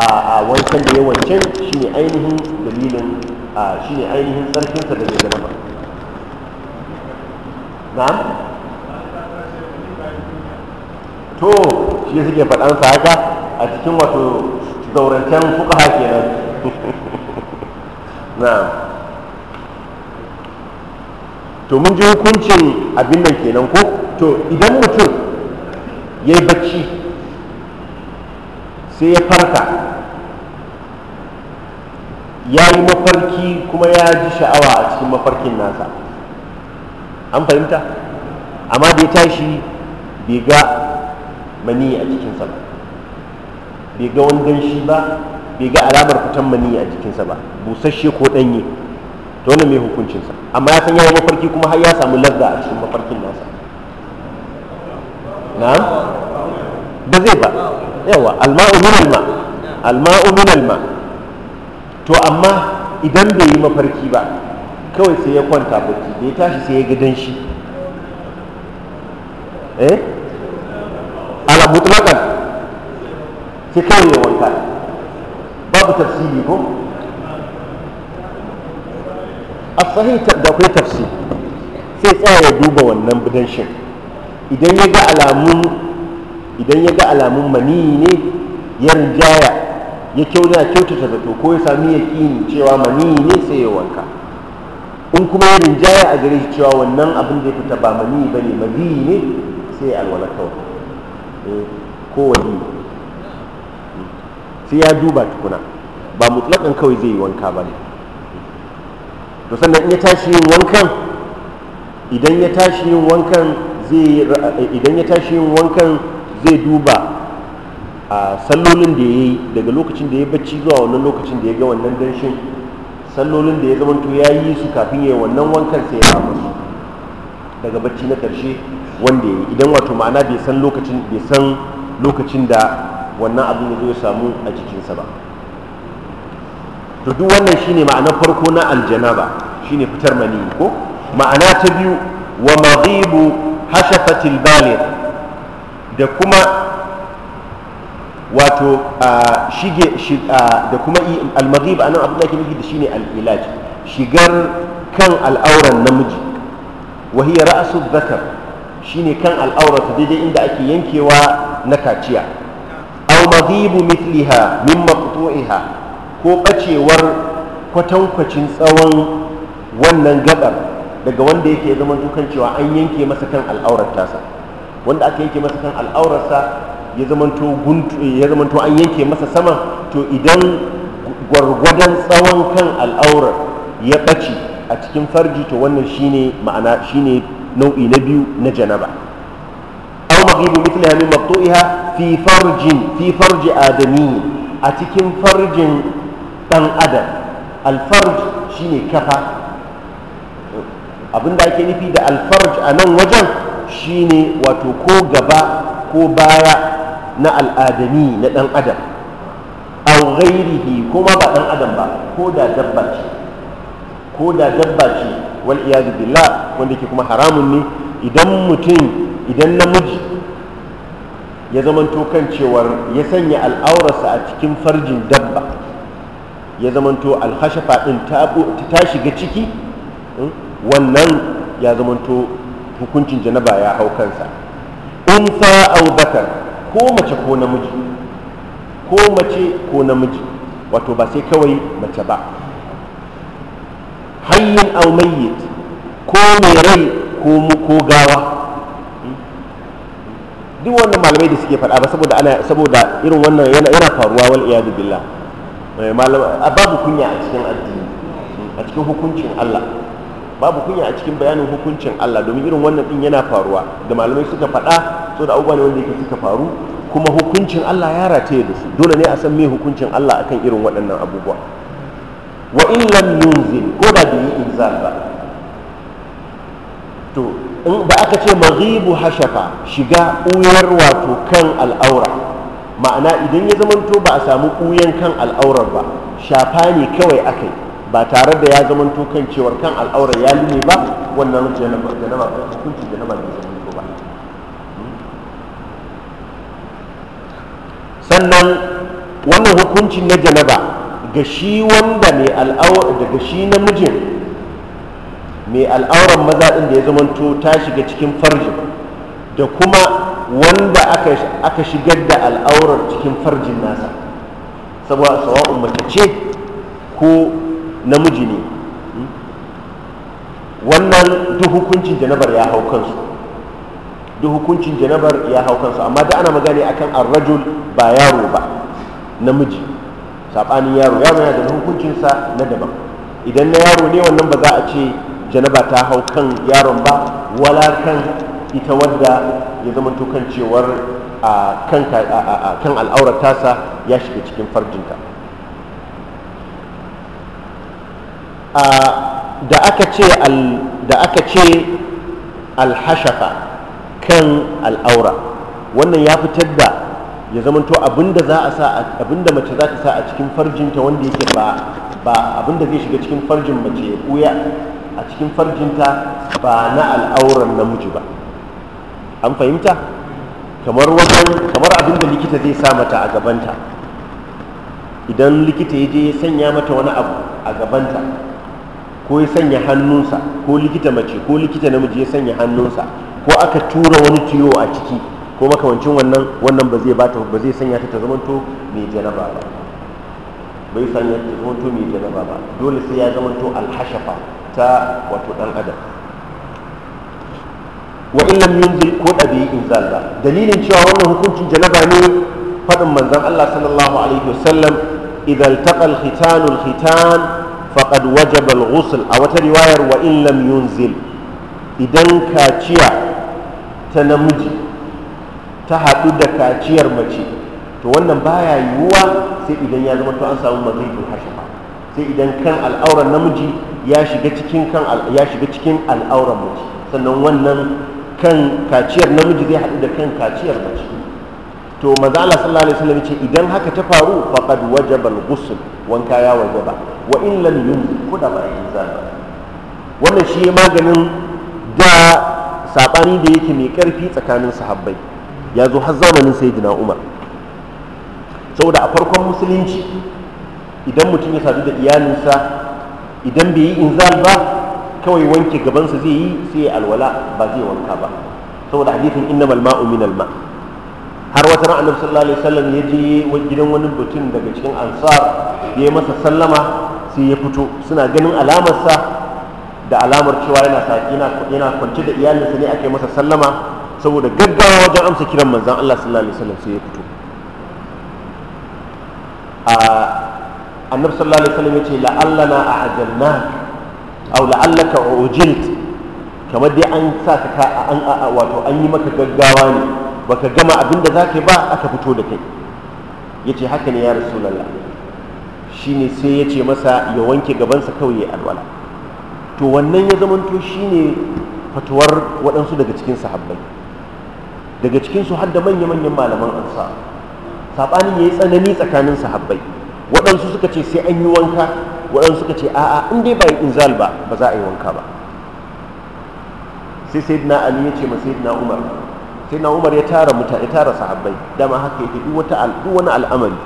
a wancan da ya wancan ne ainihin dalilin shi ne ainihin tsarkinsa da zai zama na, to shi ya suke faɗansa haka a cikin wato zaurancen fuka kenan na to mun ji hukuncin abin nan kenan ko to idan mutum ya yi bacci sai ya farka ya yi mafarki kuma ya ji sha'awa a cikin mafarkin nasa an fahimta amma bai tashi bai ga mani a jikinsa ba bai ga wani ganshi ba bai ga alamar fitan mani a jikinsa ba busasshe ko ɗanye to wannan mai hukuncinsa amma ya san yawan mafarki kuma har ya samu lagga a cikin mafarkin nasa na'am ba zai ba yawa alma'u min alma alma'u min alma to amma idan bai yi mafarki ba kawai sai ya kwanta barci da ya tashi sai ya ga danshi eh ala mutlaqan sai kawai ya wanka babu tafsiri ko asahi da akwai tafsiri sai tsaya ya duba wannan budanshin idan ya ga alamun idan ya ga alamun maniyi ne ya rinjaya ya kyauta kyautata zato ko ya sami yaƙini cewa maniyi ne sai ya wanka in kuma ya rinjaya a gare shi cewa wannan abin da ya fita ba maniyi ba ne mabiyi ne sai ya alwala kawai eh, ko wani sai ya duba tukuna ba mutlakan kawai zai yi wanka ba ne to sannan in ya tashi yin wankan idan ya tashi yin wankan zai eh, idan ya tashi yin wankan zai duba a sallolin da ya yi daga lokacin da ya bacci zuwa wannan lokacin da ya ga wannan danshin sallolin da ya zama zamanto ya yi su kafin ya yi wannan wankan sai ya samu daga bacci na karshe wanda ya yi idan wato ma'ana bai san lokacin bai san lokacin da wannan abin da zai samu a jikinsa ba to duk wannan shine ma'anar farko na aljanaba shine fitar mani ko ma'ana ta biyu wa maghibu hashafatil baligh da kuma wato shige da kuma almagib anan abin da ke nufi da shine al-ilaj shigar kan al'auran namiji wahiya ra'asu zakar shine kan al'aurata daidai inda ake yankewa na kaciya aw madhibu mithliha min maqtu'iha ko bacewar kwatankwacin tsawon wannan gaɗar, daga wanda yake zaman dukan cewa an yanke masa kan al'aurar tasa wanda aka yanke masa kan al'aurarsa ya zamanto an yanke masa sama to idan gwargwadon tsawon kan al'aurar ya ɓace a cikin farji to wannan shine ma'ana shine nau'i na biyu na janaba aw maghibu mithla min maqtu'iha fi farjin fi farji adami a cikin farjin dan adam alfarj shine kafa abinda ake nufi da alfarj a nan wajen shine wato ko gaba ko baya na al'adami na ɗan adam aw ghairihi ko ba ɗan adam ba ko da dabba ce ko da dabba ce wal iyad billah wanda ke kuma haramun ne idan mutum idan namiji ya zamanto kan cewar ya sanya al'aurarsa a cikin farjin dabba ya zamanto alhashafa ɗin ta shiga ciki hmm, wannan ya zamanto hukuncin janaba ya hau kansa unsa au bakar ko mace ko namiji ko mace ko namiji wato ba sai kawai mace ba hayyin au mayyit ko mai rai ko mu ko gawa duk wannan malamai da suke faɗa ba saboda ana saboda irin wannan yana yana faruwa wal iyad billah eh, malama babu kunya a cikin addini a cikin hukuncin Allah babu kunya a cikin bayanin hukuncin Allah domin irin wannan din yana faruwa da malamai suka faɗa so da abubuwa ne wanda yake suka faru kuma hukuncin Allah ya rataye da su dole ne a san me hukuncin Allah akan irin waɗannan abubuwa wa in lam yunzil ko da bi inzal ba to in ba aka ce maghibu hashafa shiga uyar wato kan al'aura ma'ana idan ya zamanto ba a samu uyan kan al'aurar ba shafa ne kawai akai ba tare da ya zama kan cewar kan al'aura ya lume ba wannan na ba hukunci janaba da zama ba sannan wannan hukuncin na janaba ga shi wanda mai al'aura daga shi namijin mai al'auran maza ɗin da ya zama to ta shiga cikin farji da kuma wanda aka shigar da al'aurar cikin farjin nasa saboda sawa'un mace ce ko namiji ne wannan duk hukuncin janabar ya hau kansu duk hukuncin janabar ya hau kansu amma da ana magana akan arrajul ba yaro ba namiji saɓanin yaro yaro yana da hukuncinsa na daban idan na yaro ne wannan ba za a ce janaba ta hau kan yaron ba wala kan ita wadda ya zama kan cewar a kan al'auratasa ya shiga cikin farjinta da aka ce da aka ce alhashafa kan al'aura wannan ya fitar da ya zamanto abinda za a sa abinda mace za ta sa a cikin farjinta wanda yake ba ba abinda zai shiga cikin farjin mace ya buya a cikin farjinta ba na al'auran namiji ba an fahimta kamar wajen kamar abinda likita zai sa mata a gabanta idan likita ya je ya sanya mata wani abu a gabanta ko ya sanya hannunsa ko likita mace ko likita namiji ya sanya hannunsa ko aka tura wani tiyo a ciki ko makamancin wannan wannan ba zai bata ba zai sanya ta ta zamanto mai janaba ba bai sanya ta zamanto mai janaba ba dole sai ya zamanto alhashafa ta wato dan adam wa in lam yunzil ko dabi in ba dalilin cewa wannan hukuncin janaba ne fadin manzon Allah sallallahu alaihi wasallam idza iltaqa al-khitan al-khitan faqad wajaba ghusl a wata riwayar wa in lam yunzil idan kaciya ta namiji ta haɗu da kaciyar mace to wannan baya yiwuwa sai idan ya zama to an samu mazaitun hashafa sai idan kan al'auran namiji ya shiga cikin kan ya shiga cikin al'auran mace sannan wannan kan kaciyar namiji zai haɗu da kan kaciyar mace to maza Allah sallallahu alaihi wasallam ce idan haka ta faru faqad wajaba al-ghusl wanka ya wajaba wa in lam yun kuda ba insan wannan shi maganin da sabani da yake mai karfi tsakanin sahabbai ya zo har zamanin sayyidina Umar saboda a farkon musulunci idan mutum ya sadu da iyalinsa idan bai yi inzal ba kawai wanke gabansa zai yi sai alwala ba zai wanka ba saboda hadithin innamal ma'u minal ma' har wata ran annabi sallallahu alaihi wasallam ya je gidan wani mutum daga cikin ansar ya yi masa sallama sai ya fito suna ganin alamar sa da alamar cewa yana yana kwance da iyalinsa ne aka yi masa sallama saboda gaggawa wajen amsa kiran manzon Allah sallallahu alaihi wasallam sai ya fito a annabi sallallahu alaihi wasallam ya ce la'allana a'ajalna aw la'allaka ujilt kamar dai an sa ka wato an yi maka gaggawa ne baka gama abin da zaka ba aka fito da kai yace haka ne ya rasulullah shine sai yace masa ya wanke gabansa kawai ya alwala to wannan ya zama zamanto shine fatuwar waɗansu daga cikin sahabbai daga cikin su har da manya-manyan malaman ansa sabanin yayi tsanani tsakanin sahabbai waɗansu suka ce sai an yi wanka waɗansu suka ce a'a in dai ba yi inzal ba ba za a yi wanka ba sai sayyidina ali ya ce ma sayyidina umar sai na umar ya tara mutane ya tara sahabbai dama haka yake duk wata duk wani al'amari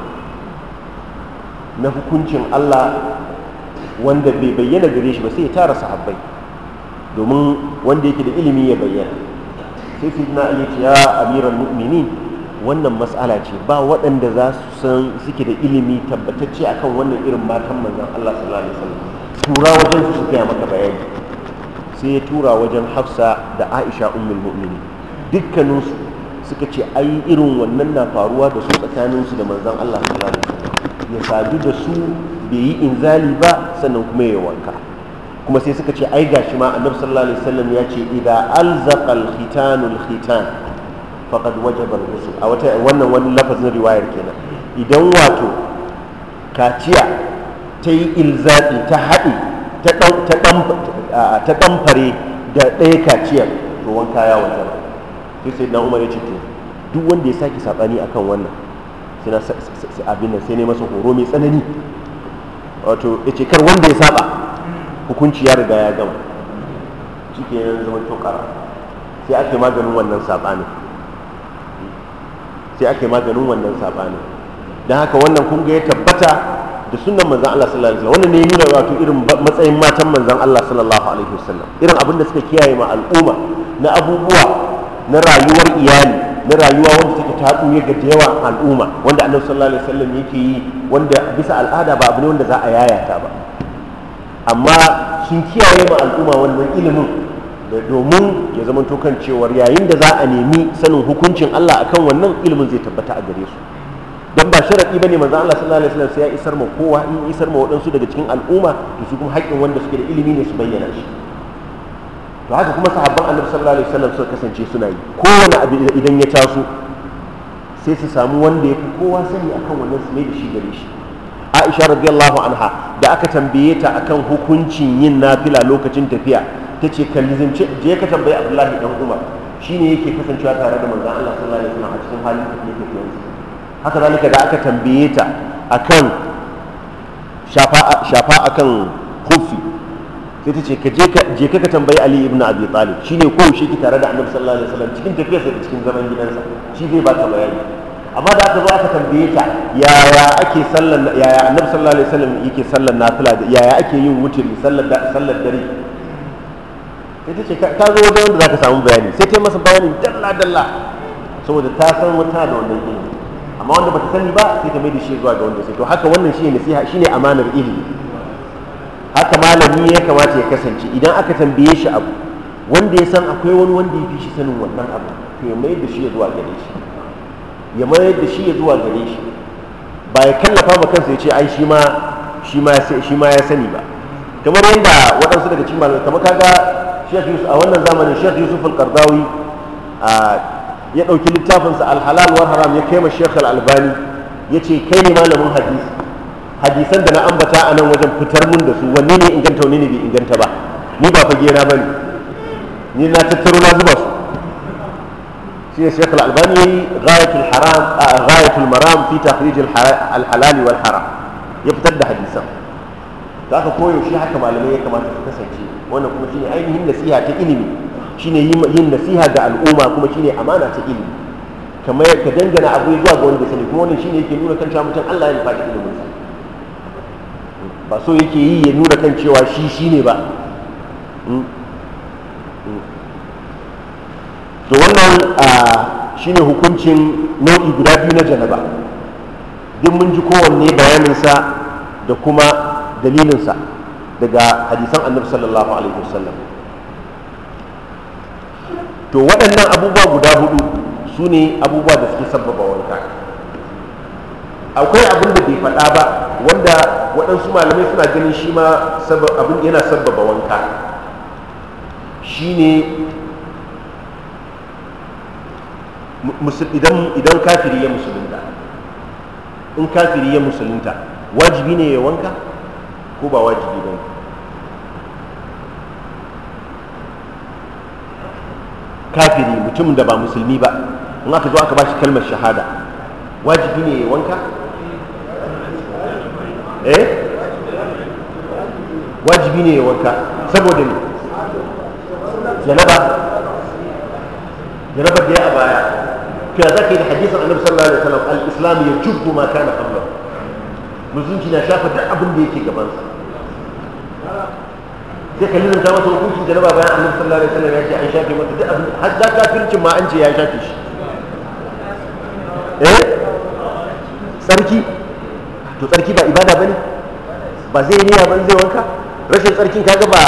na hukuncin Allah wanda bai bayyana gare shi ba sai ya tara sahabbai domin wanda yake da ilimi ya bayyana sai sai na ali ya amiran mu'minin wannan mas'ala ce ba waɗanda za su san suke da ilimi tabbatacce akan wannan irin matan manzon Allah sallallahu alaihi wasallam tura wajen su gaya maka bayani sai ya tura wajen Hafsa da Aisha ummul mu'minin dukkaninsu suka ce ai irin wannan na faruwa da su tsakaninsu da manzon Allah sallallahu alaihi ya sadu da su bai yi inzali ba sannan kuma ya wanka kuma sai suka ce ai gashi ma annabi sallallahu alaihi wasallam ya ce idza alzaqal khitanul khitan faqad wajaba alghusl a wata wannan wani lafazin riwayar kenan idan wato kaciya ta yi ilzaƙi ta haɗe ta ɗamfare da ɗaya kaciyar to wanka ya wajaba sai sai na umar ya ce to duk wanda ya sake sabani akan wannan sai na abin nan sai ne masa horo mai tsanani wato ya ce kar wanda ya saba hukunci ya riga ya gama cike ke yanzu tokara sai ake maganin wannan sabani, sai ake maganin wannan sabani dan haka wannan kun ga ya tabbata da sunan manzan Allah sallallahu alaihi wasallam wannan ne ya nuna wato irin matsayin matan manzan Allah sallallahu alaihi wasallam irin abin da suka kiyaye ma al'umma na abubuwa na rayuwar iyali na rayuwa wanda take ta ɗuye ga yawan al'umma wanda annabi sallallahu alaihi wasallam yake yi wanda bisa al'ada ba abu ne wanda za a yayata ba amma sun kiyaye ma al'umma wannan ilimin da domin ya zama kan cewar yayin da za a nemi sanin hukuncin Allah akan wannan ilimin zai tabbata a gare su don ba sharaɗi bane manzo Allah sallallahu alaihi wasallam sai ya isar ma kowa in isar ma waɗansu daga cikin al'umma to su kuma haƙƙin wanda suke da ilimi ne su bayyana shi to haka kuma sahabban annabi sallallahu alaihi wasallam suka kasance suna yi kowane abu idan ya taso sai su samu wanda ya fi kowa sani akan wannan su ne da shi gare shi aisha radiyallahu anha da aka tambaye ta akan hukuncin yin nafila lokacin tafiya ta ce kallizance je ka tambayi abdullahi dan umar shine yake kasancewa tare da manzon allah sallallahu alaihi wasallam a cikin halin tafiye tafiyen haka zalika da aka tambaye ta akan shafa akan hufi sai ta ce ka je ka tambayi ali ibn abi talib shine ko shi ki tare da annabi sallallahu alaihi wasallam cikin tafiyarsa da cikin zaman gidansa shi zai baka bayani amma da aka zo aka tambaye ta yaya ake sallar yaya annabi sallallahu alaihi wasallam yake sallar nafila yaya ake yin wuturi sallar sallar dare sai ta ce ka zo wajen wanda zaka samu bayani sai ta yi masa bayani dalla dalla saboda ta san wata da wannan ilimi amma wanda bata sani ba sai ta mai da shi zuwa ga wanda sai to haka wannan shi ne nasiha shi ne amanar ilimi haka malami ya kamata ya kasance idan aka tambaye shi abu wanda ya san akwai wani wanda ya fi shi sanin wannan abu to ya mayar da shi ya zuwa gare shi ya mayar da shi ya zuwa gare shi ba ya kallafa ma kansa ya ce ai shi ma shi ma ya sani ba kamar yadda waɗansu daga cikin malamai kamar kaga Sheikh Yusuf a wannan zamanin Sheikh Yusuf Al-Qardawi ya ɗauki littafinsa Al-Halal wal Haram ya kai ma Sheikh Al-Albani ya ce kai ne malamin hadisi hadisan da na ambata a nan wajen fitar mun da su wanne ne inganta wanne ne bai inganta ba ni ba fage na bane ni na tattaro na zuba su shi ne shekul albani yi ghayatul haram ghayatul maram fi takhrij al wal haram ya fitar da hadisan to aka koyo shi haka malamai ya kamata su kasance wannan kuma shine ainihin nasiha ta ilimi shine yin nasiha ga al'umma kuma shine amana ta ilimi kamar ka dangana abu zuwa ga da sani kuma wannan shine yake nuna kan cewa mutum Allah ya nufa ilimi ba so yake yi ya nuna kan cewa shi shi ne ba hmm? Hmm. to wannan shi ne hukuncin nau'i guda biyu na janaba duk mun ji kowanne bayaninsa da kuma dalilinsa daga hadisan annabi sallallahu alaihi wasallam to waɗannan abubuwa guda hudu su ne abubuwa da suke sabbaba wanka akwai abin da bai faɗa ba wanda waɗansu malamai suna ganin shi ma abin yana sabbaba wanka shi ne idan kafiri ya musulunta in kafiri ya musulunta wajibi ne ya wanka ko ba wajibi ba kafiri mutum da ba musulmi ba in aka zo aka ba shi kalmar shahada wajibi ne ya wanka eh wajibi ne ya wanka saboda ne janaba janaba da ya a baya to ya zaka yi da hadisin annabi sallallahu alaihi wasallam al-islam ya yajubbu ma kana qabla musulunci na shafa duk abin da yake gaban sa sai ka lulun ta masa hukuncin janaba bayan annabi sallallahu alaihi wasallam ya ce an shafe masa duk abin har da kafircin ma an ce ya shafe shi eh sarki to tsarki ba ibada bane ba zai niyya ban zai wanka rashin tsarkin kaga ba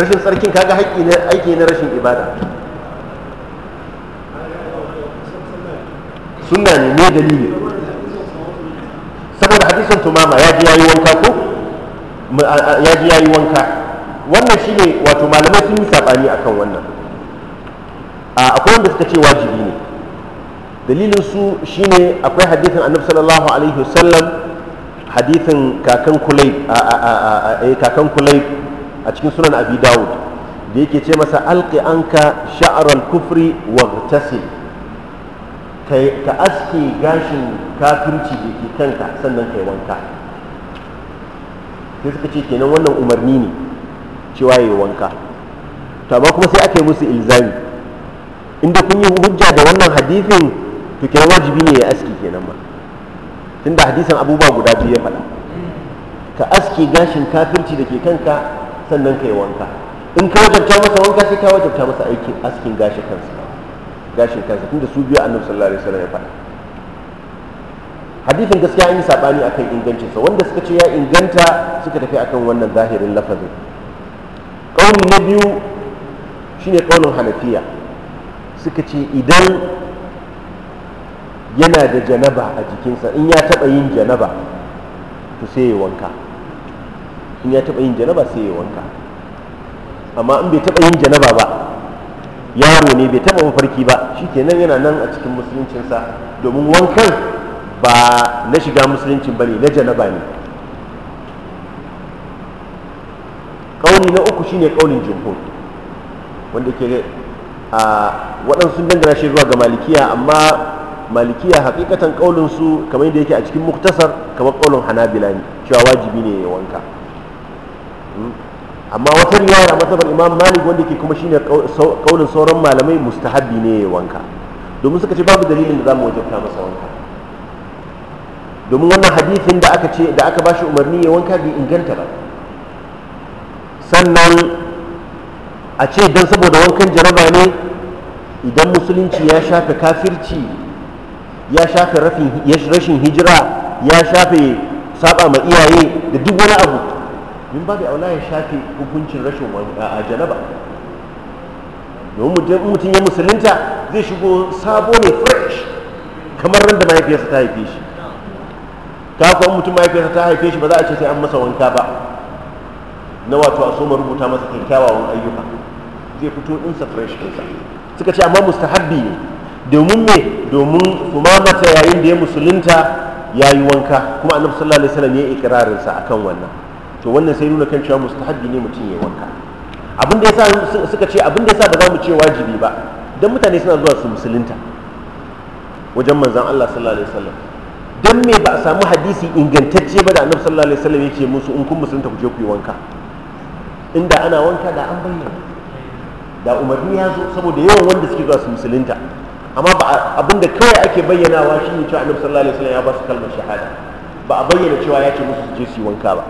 rashin tsarkin kaga haƙƙi ne aiki na rashin ibada sunna ne ne dalili saboda hadisin tumama ya ji yayi wanka ko ya ji yayi wanka wannan shine wato malamai sun yi sabani akan wannan akwai wanda suka ce wajibi ne dalilin su shine akwai hadisin annabi sallallahu alaihi wasallam hadithin kakan kulai eh, kakan kulai a cikin sunan abi dawud da yake ce masa an ka sha'arar kufri wa tasir ka aske gashin kafirci da ke kanka sannan yi wanka sai suka ce kenan wannan umarni ne cewa ya yi wanka to amma kuma sai aka yi musu ilzami inda kun yi hujja da wannan hadithin to kenan wajibi ne ya aski kenan ma tunda hadisan abubuwa guda biyu ya faɗa ka aske gashin kafirci da ke kanka sannan ka yi wanka in ka wajabta masa wanka sai ka wajabta masa aikin askin gashin kansa gashin kansa tunda su biyu annabi sallallahu alaihi wasallam ya faɗa hadisin gaskiya an yi sabani akan ingancinsa wanda suka ce ya inganta suka tafi akan wannan zahirin lafazin kauli na biyu shine ƙaunin hanafiya suka ce idan yana da janaba a jikinsa in ya taɓa yin janaba to sai ya wanka in ya taɓa yin janaba sai ya wanka amma in bai taɓa yin janaba ba yaro ne bai taɓa mafarki ba shi nan yana nan a cikin musuluncinsa domin wankan ba na shiga musuluncin ba ne na janaba ne ƙauni na uku shine ƙaunin jumhur wanda ke a waɗansu dangana shi zuwa ga malikiya amma malikiya hakikatan kaulin su kamar yadda yake a cikin muktasar kamar kaulin hanabila ne cewa wajibi ne ya wanka hmm? amma wata riwaya a matsabar imam malik wanda ke kuma shine kaulin sauran malamai mustahabi ne ya wanka domin suka ce babu dalilin da za mu wajabta masa wanka domin wannan hadithin da aka ce da aka bashi umarni ya wanka bai inganta ba sannan a ce don saboda wankan jaraba ne idan musulunci ya shafe kafirci ya shafe rashin hijira ya shafe saba ma iyaye da duk wani abu min ba da aula ya shafe hukuncin rashin a janaba domin mutum ya musulunta zai shigo sabo ne fresh kamar randa mahaifiyarsa ta haife shi ta kuwa mutum mahaifiyarsa ta haife shi ba za a ce sai an masa wanka ba na wato a soma rubuta masa kyakkyawan ayyuka zai fito insa fresh ɗinsa suka ce amma mustahabbi ne domin me domin kuma mata yayin da ya musulunta ya yi wanka kuma annabi sallallahu alaihi wasallam ya yi ikirarin sa akan wannan to wannan sai nuna kan cewa mustahabbi ne mutum ya wanka abin da yasa suka ce abin da yasa ba za mu ce wajibi ba dan mutane suna zuwa su musulunta wajen manzon Allah sallallahu alaihi wasallam dan me ba a samu hadisi ingantacce ba da annabi sallallahu alaihi wasallam yake musu in kun musulunta ku je ku yi wanka inda ana wanka da an bayyana da umarni ya zo saboda yawan wanda suke zuwa su musulunta amma ba abinda kawai ake bayyanawa shi ne cewa annabi sallallahu alaihi wasallam ya ba su kalmar shahada ba a bayyana cewa ya ce musu su je su yi wanka ba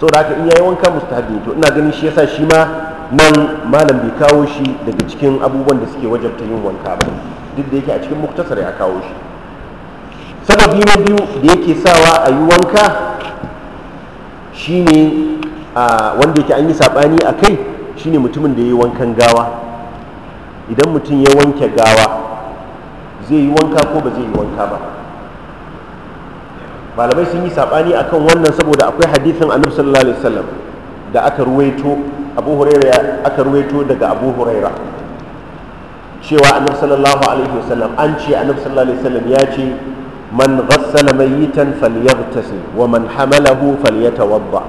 saboda haka in yayi wanka mustahabi to ina ganin shi yasa shi ma nan malam bai kawo shi daga cikin abubuwan da suke wajabta yin wanka ba duk da yake a cikin muktasar ya kawo shi sababi na biyu da yake sawa a yi wanka shine wanda yake an yi saɓani a kai shine mutumin da ya yi wankan gawa idan mutum ya wanke gawa zai yi wanka ko ba zai yi wanka ba malamai sun yi saɓani kan wannan saboda akwai hadithin annabi sallallahu alaihi wasallam da aka ruwaito abu huraira aka ruwaito daga abu huraira cewa annabi sallallahu alaihi wasallam an ce annabi sallallahu alaihi wasallam ya ce man ghassala mayitan falyaghtasil wa man hamalahu falyatawadda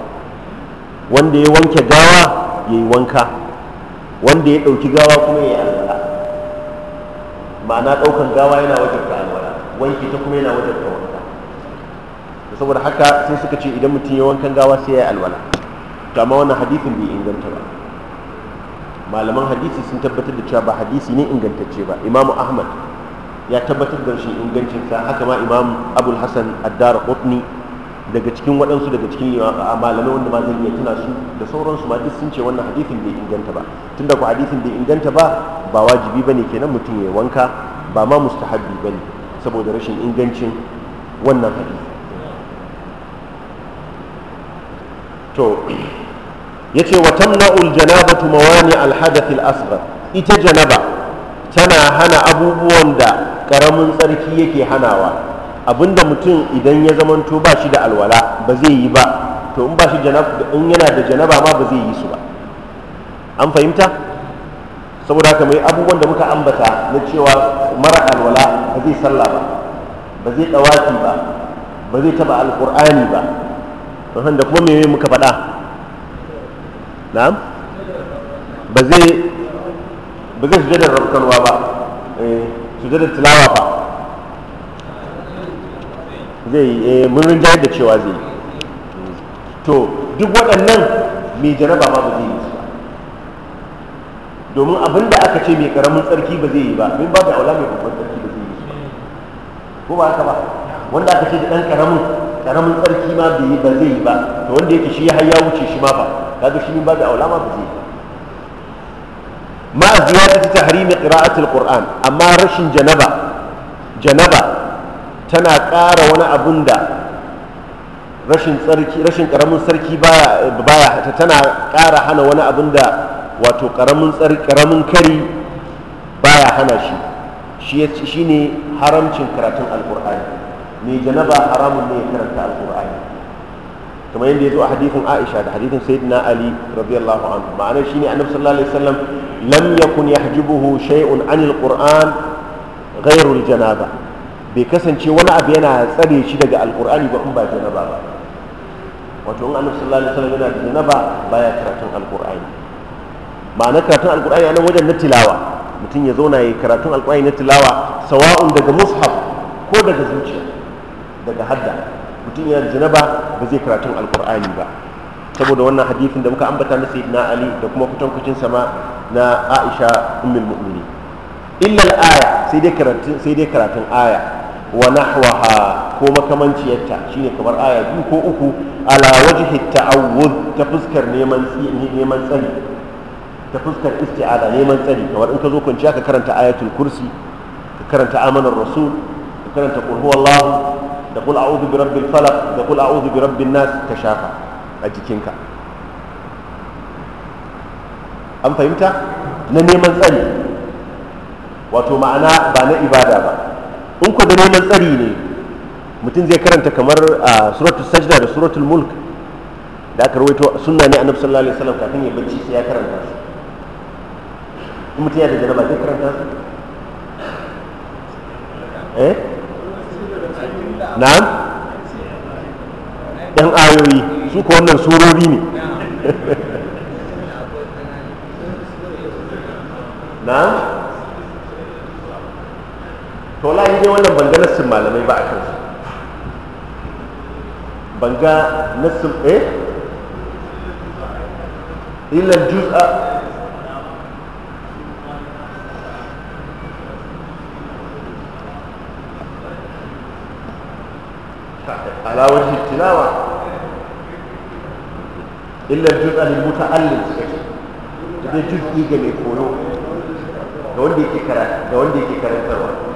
wanda ya wanke gawa yayi wanka wanda ya dauki gawa kuma ya ma'ana ɗaukan gawa yana wajen ka alwala wanki ta kuma yana wajen ka wanka saboda haka sai suka ce idan mutum ya wankan gawa sai ya yi alwala to amma wannan hadisin bai inganta ba malaman hadisi sun tabbatar da cewa ba hadisi ne ingantacce ba imamu ahmad ya tabbatar da rashin ingancinsa haka ma imam abul hasan ad-dar daga cikin waɗansu daga cikin ah, ah, malamai wanda ma zan iya tuna su da sauransu ma duk sun ce wannan hadisin bai inganta ba tunda ku hadisin bai inganta ba ba wajibi ba ne. kenan mutum ya wanka ba ma mustahabbi ne saboda rashin ingancin wannan hadisi to yace wa tamna'ul janabatu mawani al-hadath al-asghar ita janaba tana hana abubuwan da karamin tsarki yake hanawa abinda mutum idan ya zamanto ba shi da alwala ba zai yi ba to in ba shi in yana da janaba ma ba zai yi su ba an fahimta saboda haka mai abubuwan da muka ambata na cewa mara alwala ba zai sallah ba ba zai dawaki ba ba zai taba alkur'ani ba don da kuma me muka faɗa na'am ba zai ba zai sujadar ba ba eh, sujadar tilawa ba zai yi eh, mun rinjayar da cewa zai yi to duk waɗannan mai jaraba ma ba zai yi ba domin abin da aka ce mai karamin tsarki ba zai yi ba min babu aula mai babban tsarki ba zai yi ba ko ba haka ba wanda aka ce da ɗan karamin karamin tsarki ma ba zai yi ba to wanda yake shi har ya wuce shi ma ba kaga shi min babu aula ma ba zai yi ta ziyadatu tahrimi qira'atul qur'an amma rashin janaba janaba tana ƙara wani abun da rashin tsarki rashin ƙaramin sarki baya baya tana ƙara hana wani abun da wato ƙaramin tsari ƙaramin kari baya hana shi shi ne haramcin karatun alƙur'ani mai janaba haramun ne ya karanta alƙur'ani kamar yadda ya zo a hadithin aisha da hadithin sayyidina ali radiyallahu anhu ma'anar ne annabi sallallahu alaihi wasallam lam yakun yahjubuhu shay'un anil qur'an ghayrul janaba bai kasance wani abu yana tsare shi daga alkur'ani ba in ba janaba ba wato in annabi sallallahu alaihi wasallam yana da janaba baya karatun alkur'ani ma'ana karatun alkur'ani a nan wajen na tilawa mutum ya zauna ya karatun alkur'ani na tilawa sawa'un daga mushaf ko daga zuciya daga hadda mutum yana da janaba ba zai karatun alkur'ani ba saboda wannan hadisin da muka ambata na sayyidina ali da kuma kucin sama na aisha ummul mu'minin illa al-aya sai dai karatun aya wa nahwaha ko makamanciyarta shine kamar aya biyu ko uku ala wajhi ta'awud ta fuskar neman neman tsari ta fuskar isti'ada neman tsari kamar in ka zo kwanciya ka karanta ayatul kursi ka karanta amanar rasul ka karanta qul huwallahu da qul a'udhu bi rabbil falaq da qul a'udhu bi rabbin nas ka shafa a jikinka an fahimta na neman tsari wato ma'ana ba na ibada ba in ku da neman tsari ne mutum zai karanta kamar a suratul sajda da suratul mulk da aka rawaito sunna ne annabi sallallahu alaihi wasallam kafin ya bacci sai ya karanta su in mutum ya da jaraba zai karanta su eh na'am yan ayoyi su ko wannan surori ne na'am wannan ban ga nassin malamai ba a kansu ban ga nassin eh illal juz'a ala wajhi tilawa illal juz'a lil muta'allim da juz'i ga mai koyo da wanda yake karanta da wanda yake karantarwa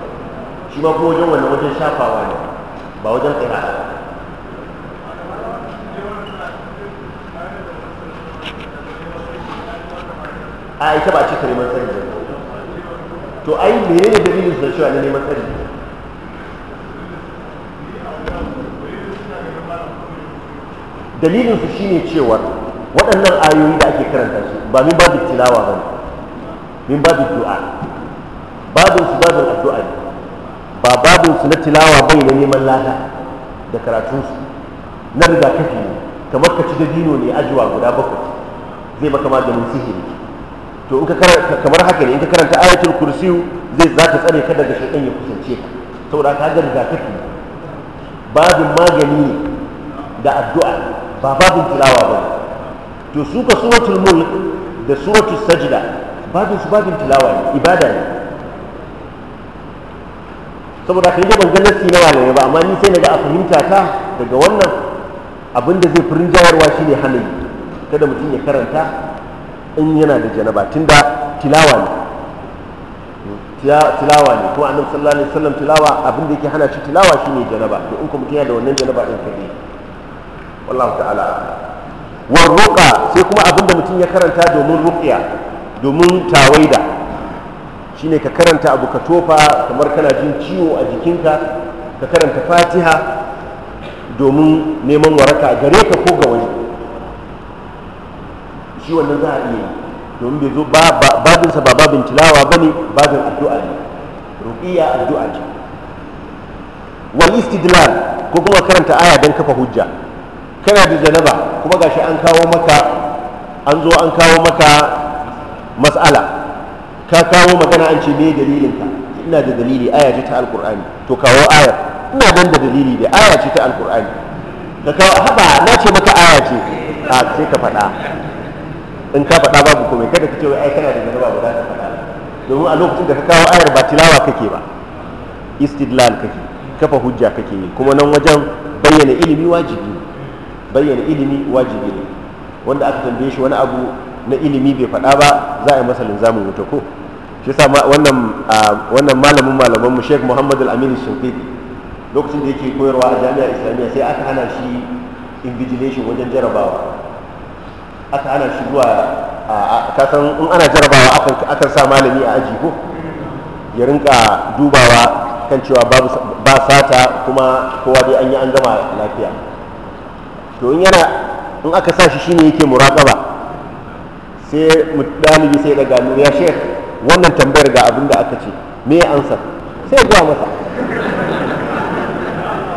shi ma kuma wajen wani wajen shafawa ne ba wajen ƙira'a a ita ba ce neman tsari to ai menene dalilin su da cewa na neman tsari dalilin su shine cewa waɗannan ayoyi da ake karanta su ba min babu tilawa ba min babu du'a su na tilawa bai na neman lada da karatun su na rigakafi ne kamar ka ci dabino ne ajiwa guda bakwai zai maka maganin sihiri to in ka karanta kamar haka ne in ka karanta ayatul kursi zai za ta tsare ka daga shaitan ya kusance ka saboda ka ga rigakafi babin magani ne da addu'a ba babin tilawa ba to su ka suratul mulk da suratul sajda babin su babin tilawa ne ibada ne saboda ka yi da ga nassi na malamai ba amma ni sai na ga a fahimta ta daga wannan abin da zai fi rinjayarwa shine hanayi kada mutum ya karanta in yana da janaba tun da tilawa ne tilawa ne kuma annabi sallallahu alaihi wasallam tilawa abin da yake hana shi tilawa shine janaba to in kuma yana da wannan janaba din kadi wallahu ta'ala wa ruqa sai kuma abin da mutum ya karanta domin ruqya domin tawaida shine ka karanta abu ka tofa kamar kana jin ciwo a jikinka ka karanta fatiha domin neman waraka gare ka ko ga wani shi wannan za a iya yi domin bai zo babinsa ba babin tilawa ba ne babin addu'a ne ruƙiya addu'a ce wal istidlal ko kuma karanta aya don kafa hujja kana da janaba kuma gashi an kawo maka an zo an kawo maka mas'ala ka kawo magana an ce me dalilin ka ina da dalili aya ce ta alkur'ani to kawo aya ina dan da dalili da aya ce ta alkur'ani ka kawo haba na ce maka aya ce a sai ka faɗa in ka faɗa babu komai kada ka ce wai ai kana da zanaba ba za ka faɗa domin a lokacin da ka kawo ayar ba tilawa kake ba istidlal kake kafa hujja kake yi kuma nan wajen bayyana ilimi wajibi bayyana ilimi wajibi ne wanda aka tambaye shi wani abu na ilimi bai faɗa ba za a yi masa linzamin wuta ko shi sa wannan malamin malaman mu Sheikh Muhammad Al-Amin shinkiri lokacin da yake koyarwa a jami'ar Islamiyya sai aka hana shi invigilation wajen jarabawa aka hana shi zuwa kasan in ana jarabawa akan sa malami a aji ko ya rinka dubawa kan cewa ba sata kuma kowa dai an yi an gama lafiya to in yana in aka sa shi shine yake muraƙaba sai dalibi sai daga nuru ya shek wannan tambayar ga abin da aka ce me ya ansa sai ya masa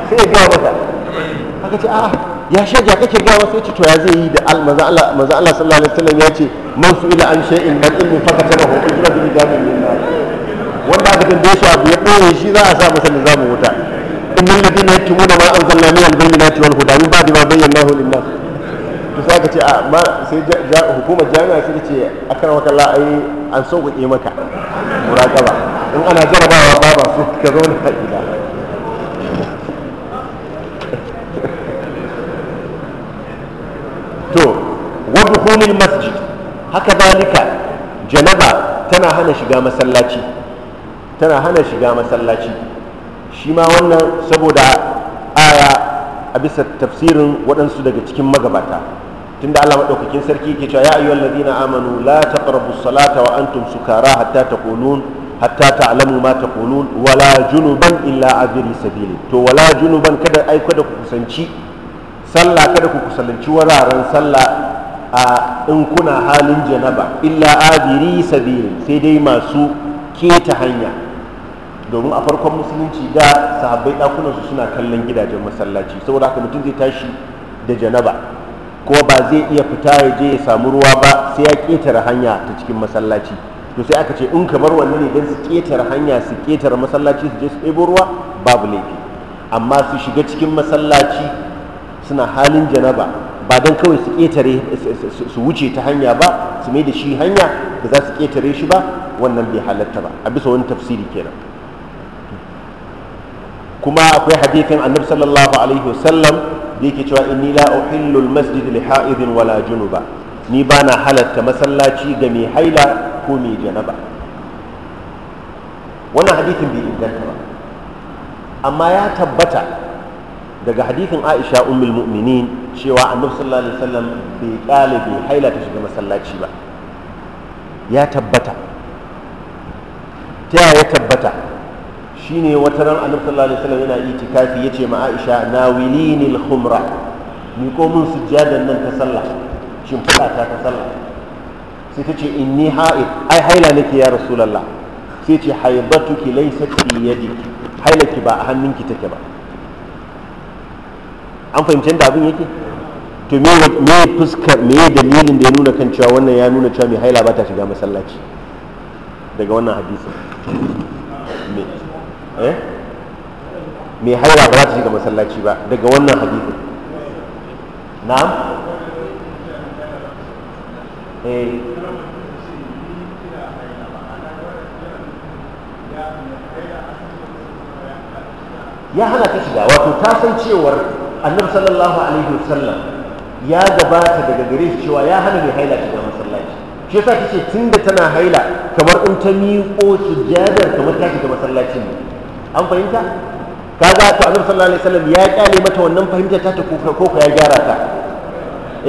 sai ya gawa masa aka ce a ya shek ya kake gawa sai ce to ya zai yi da maza Allah sallallahu alaihi wasallam ya ce man su ila an shay'in man ilmi fakata lahu ujra bi jamin min nar wanda aka tambaye shi abu ya ɗaya shi za a sa masa da zamu wuta In mun innal ladina yaktumuna ma anzalna min al-bayyinati wal huda min ba'di ma bayyana lin-nas to sai ka ce a ah, ma sai hukumar jami'a sai ta ce a kan wakalla la'ayi an sauƙaƙe maka in ana jarabawa ba ba su ka zauna a gida to wa dukhulil masjid haka zalika janaba tana hana shiga masallaci tana hana shiga masallaci shi ma wannan saboda aya a bisa tafsirin waɗansu daga cikin magabata tunda Allah madaukakin sarki yake cewa ya ayyuhal ladina amanu la taqrabu salata wa antum sukara hatta taqulun hatta ta'lamu ma taqulun wala junuban illa abiri sabili to wala junuban kada ai kada ku kusanci sallah kada ku kusanci wararen sallah a in kuna halin janaba illa abiri sabili sai dai masu keta hanya domin a farkon musulunci da sahabbai ɗakunansu suna kallon gidajen masallaci saboda haka mutum zai tashi da janaba ko ba zai iya fita ya je ya samu ruwa ba sai ya ƙetare hanya ta cikin masallaci to sai aka ce in kamar wanne ne dan su ƙetare hanya su ƙetare masallaci su je su ɗebo ruwa babu laifi amma su shiga cikin masallaci suna halin janaba ba don kawai su ƙetare su wuce ta hanya ba su mai da shi hanya da za su ƙetare shi ba wannan bai halatta ba a bisa wani tafsiri kenan kuma akwai hadithin annabi sallallahu alaihi wasallam da yake cewa inni la uhillu almasjid li ha'idin wala junuba ni ba na halatta masallaci ga mai haila ko mai janaba wannan hadithin bai inganta ba amma ya tabbata daga hadithin Aisha ummul mu'minin cewa annabi sallallahu alaihi wasallam bai kale bai haila ta shiga masallaci ba ya tabbata ta ya tabbata shine wata ran annabi sallallahu alaihi wasallam yana itikafi yace ma Aisha nawilinil khumra ni ko mun sujjadan nan ta sallah shin fada ta ta sallah sai ta in inni ha'id ai haila nake ya rasulullah sai ce haibatuki laysat fi yadi ki ba a hannunki take ba an fahimci da abin yake to me me fuskar me dalilin da ya nuna kan cewa wannan ya nuna cewa mai haila ba ta shiga masallaci daga wannan hadisi eh? mai haira ba za ta shiga masallaci ba daga wannan hadithin na'am eh ya hana ta shiga wato ta san cewar annabi sallallahu alaihi wasallam ya gabata daga gare shi cewa ya hana mai haila shiga masallaci shi yasa tace tunda tana haila kamar in ta miƙo su sujjadar kamar ta shiga masallacin ne an fahimta kaga to annabi sallallahu alaihi wasallam ya kyale mata wannan fahimtar ta ta ko ko ya gyara ta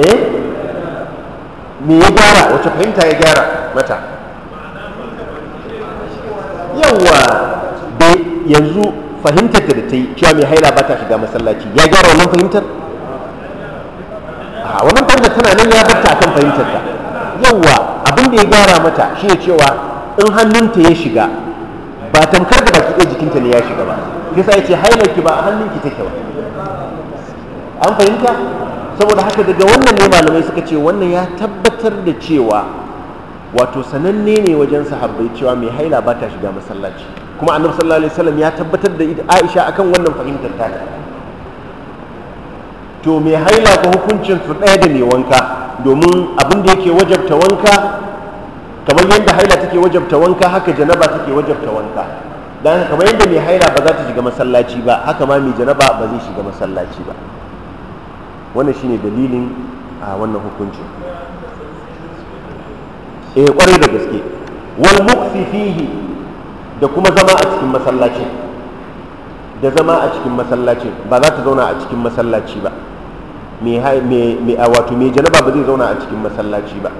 eh me ya gyara wace fahimta ya gyara mata yawa da yanzu fahimtar da ta yi cewa mai haila ba ta shiga masallaci ya gyara wannan fahimtar a wannan fahimtar tana nan ya batta akan fahimtar ta yawa abin da ya gyara mata shi ne cewa in hannunta ya shiga ba tamkar da taba jikinta ne ya shiga ba kisa ya ce hailarki ba a hannunki take ba an fahimta saboda haka daga wannan ne malamai suka ce wannan ya tabbatar da cewa wato sananne ne wajen sahabbai cewa mai haila ba ta shiga masallaci kuma annabi sallallahu alaihi wasallam ya tabbatar da Aisha akan wannan fahimtar ta to mai haila ko hukuncin su ɗaya da mai wanka domin abin da yake wajabta wanka kamar yadda haila take wajabta wanka haka janaba take wajabta wanka dan kamar yadda mai haila ba za ta shiga masallaci ba haka ma mai janaba ba zai shiga masallaci ba wannan shine dalilin a wannan hukuncin eh kwarai da gaske wal muqsi fihi da kuma zama a cikin masallaci da zama a cikin masallaci ba za ta zauna a cikin masallaci ba me wato mai janaba ba zai zauna a cikin masallaci ba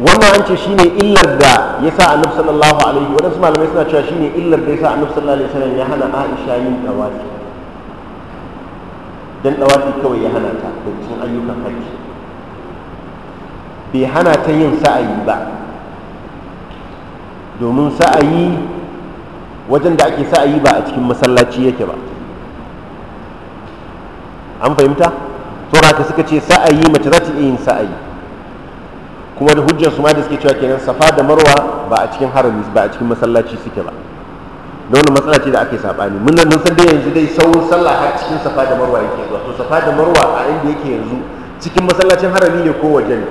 wannan an ce shine illar da ya sa annabi sallallahu alaihi wadansu malamai suna cewa shine illar da ya sa annabi sallallahu alaihi wasallam ya hana aisha yin dawaki dan dawaki kawai ya hana ta da cikin ayyukan hajji bai hana ta yin sa'ayi ba domin sa'ayi wajen da ake sa'ayi ba a cikin masallaci yake ba an fahimta saboda ka suka ce sa'ayi mace za ta iya yin sa'ayi kuma da hujjar su ma da suke cewa kenan safa da marwa ba a cikin harami ba a cikin masallaci suke ba da wani matsala ce da yi sabani mun nan san dai yanzu dai sauran sallah har cikin safa da marwa yake zuwa to safa da marwa a inda yake yanzu cikin masallacin harami ne ko waje ne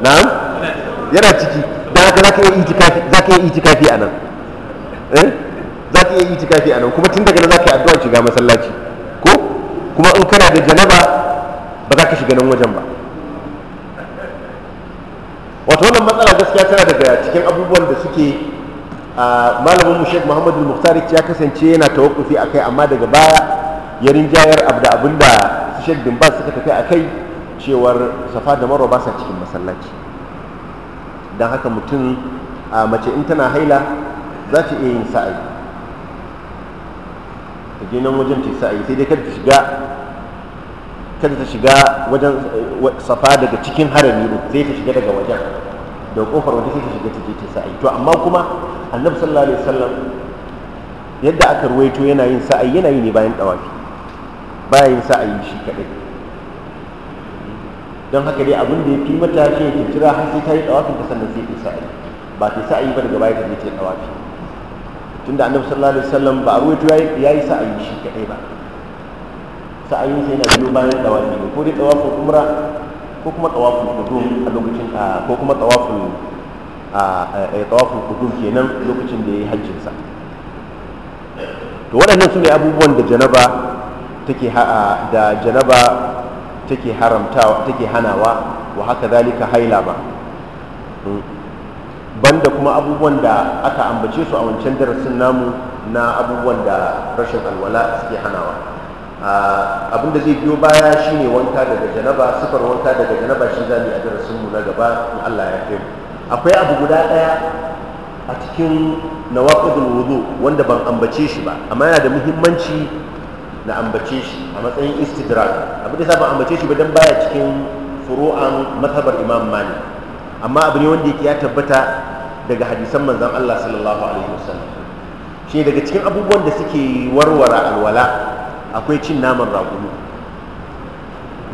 na'am yana ciki da haka zaka iya itikafi zaka iya itikafi anan eh zaka iya itikafi nan kuma tun daga nan zaka yi addu'a shiga masallaci ko kuma in kana da janaba ba za ka shiga nan wajen ba wato wannan matsala gaskiya tana daga cikin abubuwan da suke malamin mu Muhammadu muhtarik ya kasance yana tawakkufi kai, amma daga baya ya rinjayar abda abinda su bin Baz suka tafi a kai, cewar safa da marwa ba sa cikin masallaci don haka mutum a mace in tana haila za ta iya yin sa'ayi ta je nan wajen ta sa'ayi sai dai kar ta shiga kada ta shiga wajen eh, safa daga cikin harami ne zai ta shiga daga wajen da kofar wajen sai ta shiga ta je ta sa'ayi to amma kuma annabi sallallahu alaihi wasallam yadda aka ruwaito yana yin sa'ayi yana yi ne bayan tawafi baya yin sa'ayi shi kadai don haka dai abin da ya fi mata shi ya kira har sai ta yi tawafi ta sannan sai ta sa'ayi ba ta sa'ayi ba daga baya ta je ta yi dawafi tunda annabi sallallahu alaihi wasallam ba a ruwaito yayi sa'ayi shi kadai ba sa'ayin sai yana biyu bayan tawafi ko dai tawafin umra ko kuma tawafin kudum a lokacin ko kuma tawafin tawafin kudum kenan lokacin da ya yi hajjin sa to waɗannan su ne abubuwan da janaba take da hanawa wa haka zalika haila ba hmm. ban da kuma abubuwan da aka ambace su a wancan darasin namu na abubuwan da rashin alwala suke hanawa abin da zai biyo baya shine wanka daga janaba sifar wanka daga janaba shi za mu yi a darasin mu na gaba in Allah ya kai akwai abu guda daya a cikin nawaqidul wudu wanda ban ambace shi ba amma yana da muhimmanci na ambace shi a matsayin istidrak abin da ban ambace shi ba dan baya cikin furu'an mazhabar Imam Malik amma abu ne wanda yake ya tabbata daga hadisan manzon Allah sallallahu alaihi wasallam shi daga cikin abubuwan da suke warware alwala akwai cin naman raƙumi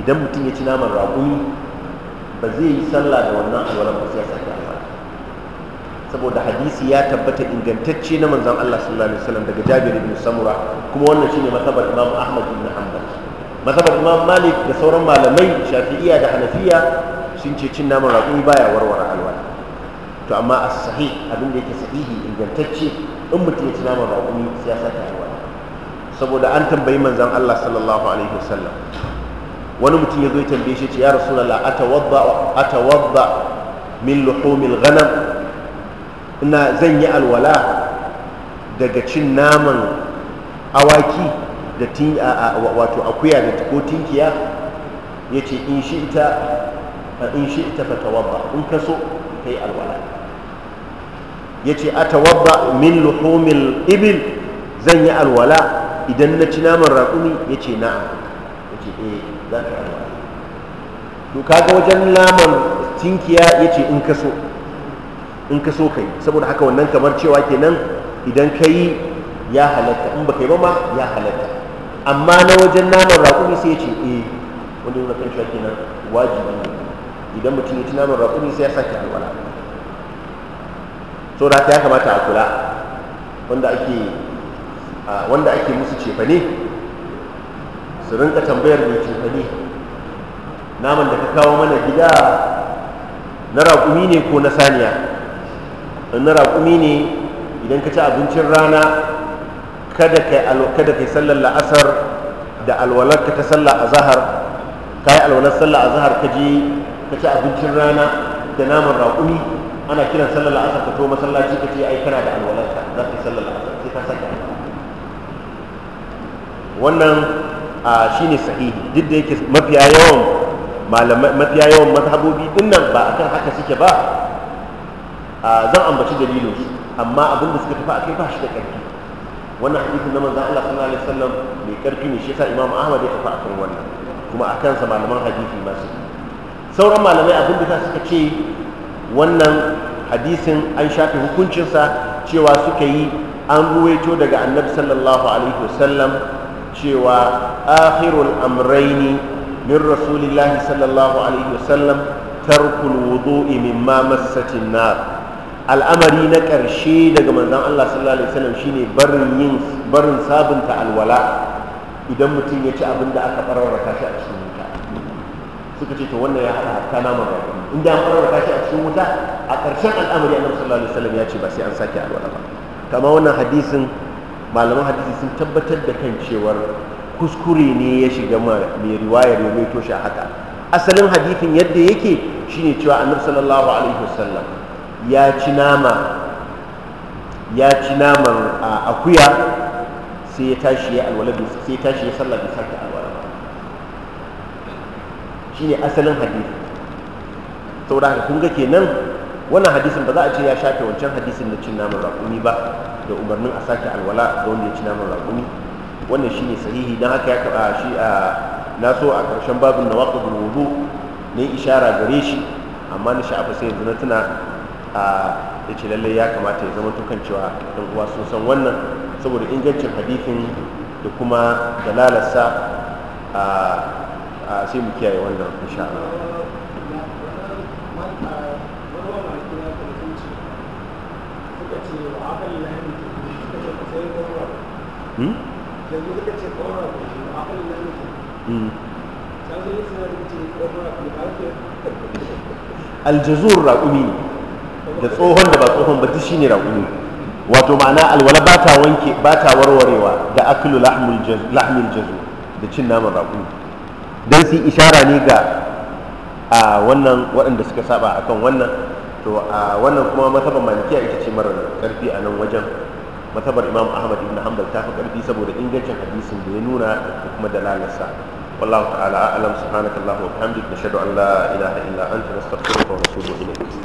idan mutum ya ci naman raƙumi ba zai yi sallah da wannan alwalan ba sai ya saboda hadisi ya tabbata ingantacce na manzan Allah sallallahu alaihi wasallam daga Jabir ibn Samura kuma wannan shine mazhabar Imam Ahmad ibn Hanbal mazhabar Imam Malik da sauran malamai Shafi'iyya da Hanafiya sun ce cin naman raƙumi baya warware alwala to amma as-sahih abin da yake sahihi ingantacce in mutum ya ci naman raƙumi sai saka saboda an tambayi manzon Allah sallallahu alaihi wasallam wani mutum ya zo ya tambaye shi ce ya rasulullah atawadda atawadda min luhumil ghanam ina zan yi alwala daga cin naman awaki da tin wato akuya da ko tinkiya yace in shi ita in shi ita fatawadda in ka so kai alwala yace atawadda min luhumil ibil zan yi alwala idan na ci naman raƙumi ya ce na'am ya ce eh za ka yi to kaga wajen naman tinkiya ya ce in ka so in ka so ka yi saboda haka wannan kamar cewa kenan idan ka yi ya halatta in ba ka yi ba ma ya halatta amma na wajen naman raƙumi sai ya ce eh wanda yana kan cewa kenan wajibi ne idan mutum ya ci naman raƙumi sai ya sake alwala saboda haka ya kamata a kula wanda ake Ah, wanda ake musu cefane su rinka tambayar mai cefane naman da ka kawo mana gida na raƙumi ne ko na saniya in na raƙumi ne idan ka ci abincin rana kada ka yi sallar la'asar da alwalarka ta sallar azahar ka yi alwalar sallar azahar ka je ka ci abincin rana da naman raƙumi ana kiran sallar la'asar ka to masallaci ka ce ai kana da alwalarka za ka yi sallar la'asar wannan shi ne sahihi duk da yake mafiya yawan mafiya yawan mazhabobi dinnan ba akan haka suke ba zan ambaci dalilin su amma abin da suka tafi akai ba shi da karfi wannan hadisin na manzon Allah sallallahu alaihi wasallam mai ƙarfi ne shi yasa Imam Ahmad ya tafi akan wannan kuma a kansa malaman hadisi masu sauran malamai abin da suka ce wannan hadisin an shafe hukuncinsa cewa suka yi an ruwaito daga annabi sallallahu alaihi wasallam cewa akhirul amraini min rasulillahi sallallahu alaihi wasallam tarkul wudu'i massatin nar al'amari na ƙarshe daga manzon Allah sallallahu alaihi wasallam shine barin yin barin sabunta alwala idan mutum ya ci abin da aka fararraka shi a cikin wuta suka ce to wannan ya haɗa hatta in da an fararraka shi a cikin wuta a ƙarshen al'amari annabi sallallahu alaihi wasallam ya ce ba sai an sake alwala ba kama wannan hadisin malaman hadisi sun tabbatar da kan cewar kuskure ne ya shiga mai riwayar ya mai toshe haka asalin hadithin yadda yake shine cewa annabi sallallahu alaihi wasallam ya ci nama ya ci naman akuya sai ya tashi ya alwala sai ya tashi ya sallar bai sake alwala shine asalin hadithin saboda haka kun ga kenan wannan hadisin ba za a ce ya shafe wancan hadisin na cin naman raƙumi ba da umarnin a sake alwala ga wanda ya ci naman raƙumi wannan shine sahihi don haka ya taɓa shi a naso so a ƙarshen babin na waƙa wudu na ishara gare shi amma na sha'afa sai yanzu na tuna a da ce lallai ya kamata ya zama tukan cewa ɗan uwa sun san wannan saboda ingancin hadisin da kuma dalalarsa a sai mu kiyaye wannan insha Hmm? Hmm. aljazur raƙumi da tsohon da ba tsohon ba shi ne raƙumi wato ma'ana alwala ba ta wanke ba ta warwarewa da akilu lahmul jazu da cin naman raƙumi don su ishara ne ga a wannan waɗanda suka saba akan wannan to a wannan kuma masaban malikiya ita ce mara ƙarfi a nan wajen matabar imam ahmad ibn hanbal ta fi karfi saboda ingancin hadisin da ya nuna da kuma dalalarsa wallahu ta'ala a'lam subhanakallahumma wa bihamdika nashhadu an la ilaha illa anta nastaghfiruka wa natubu ilayk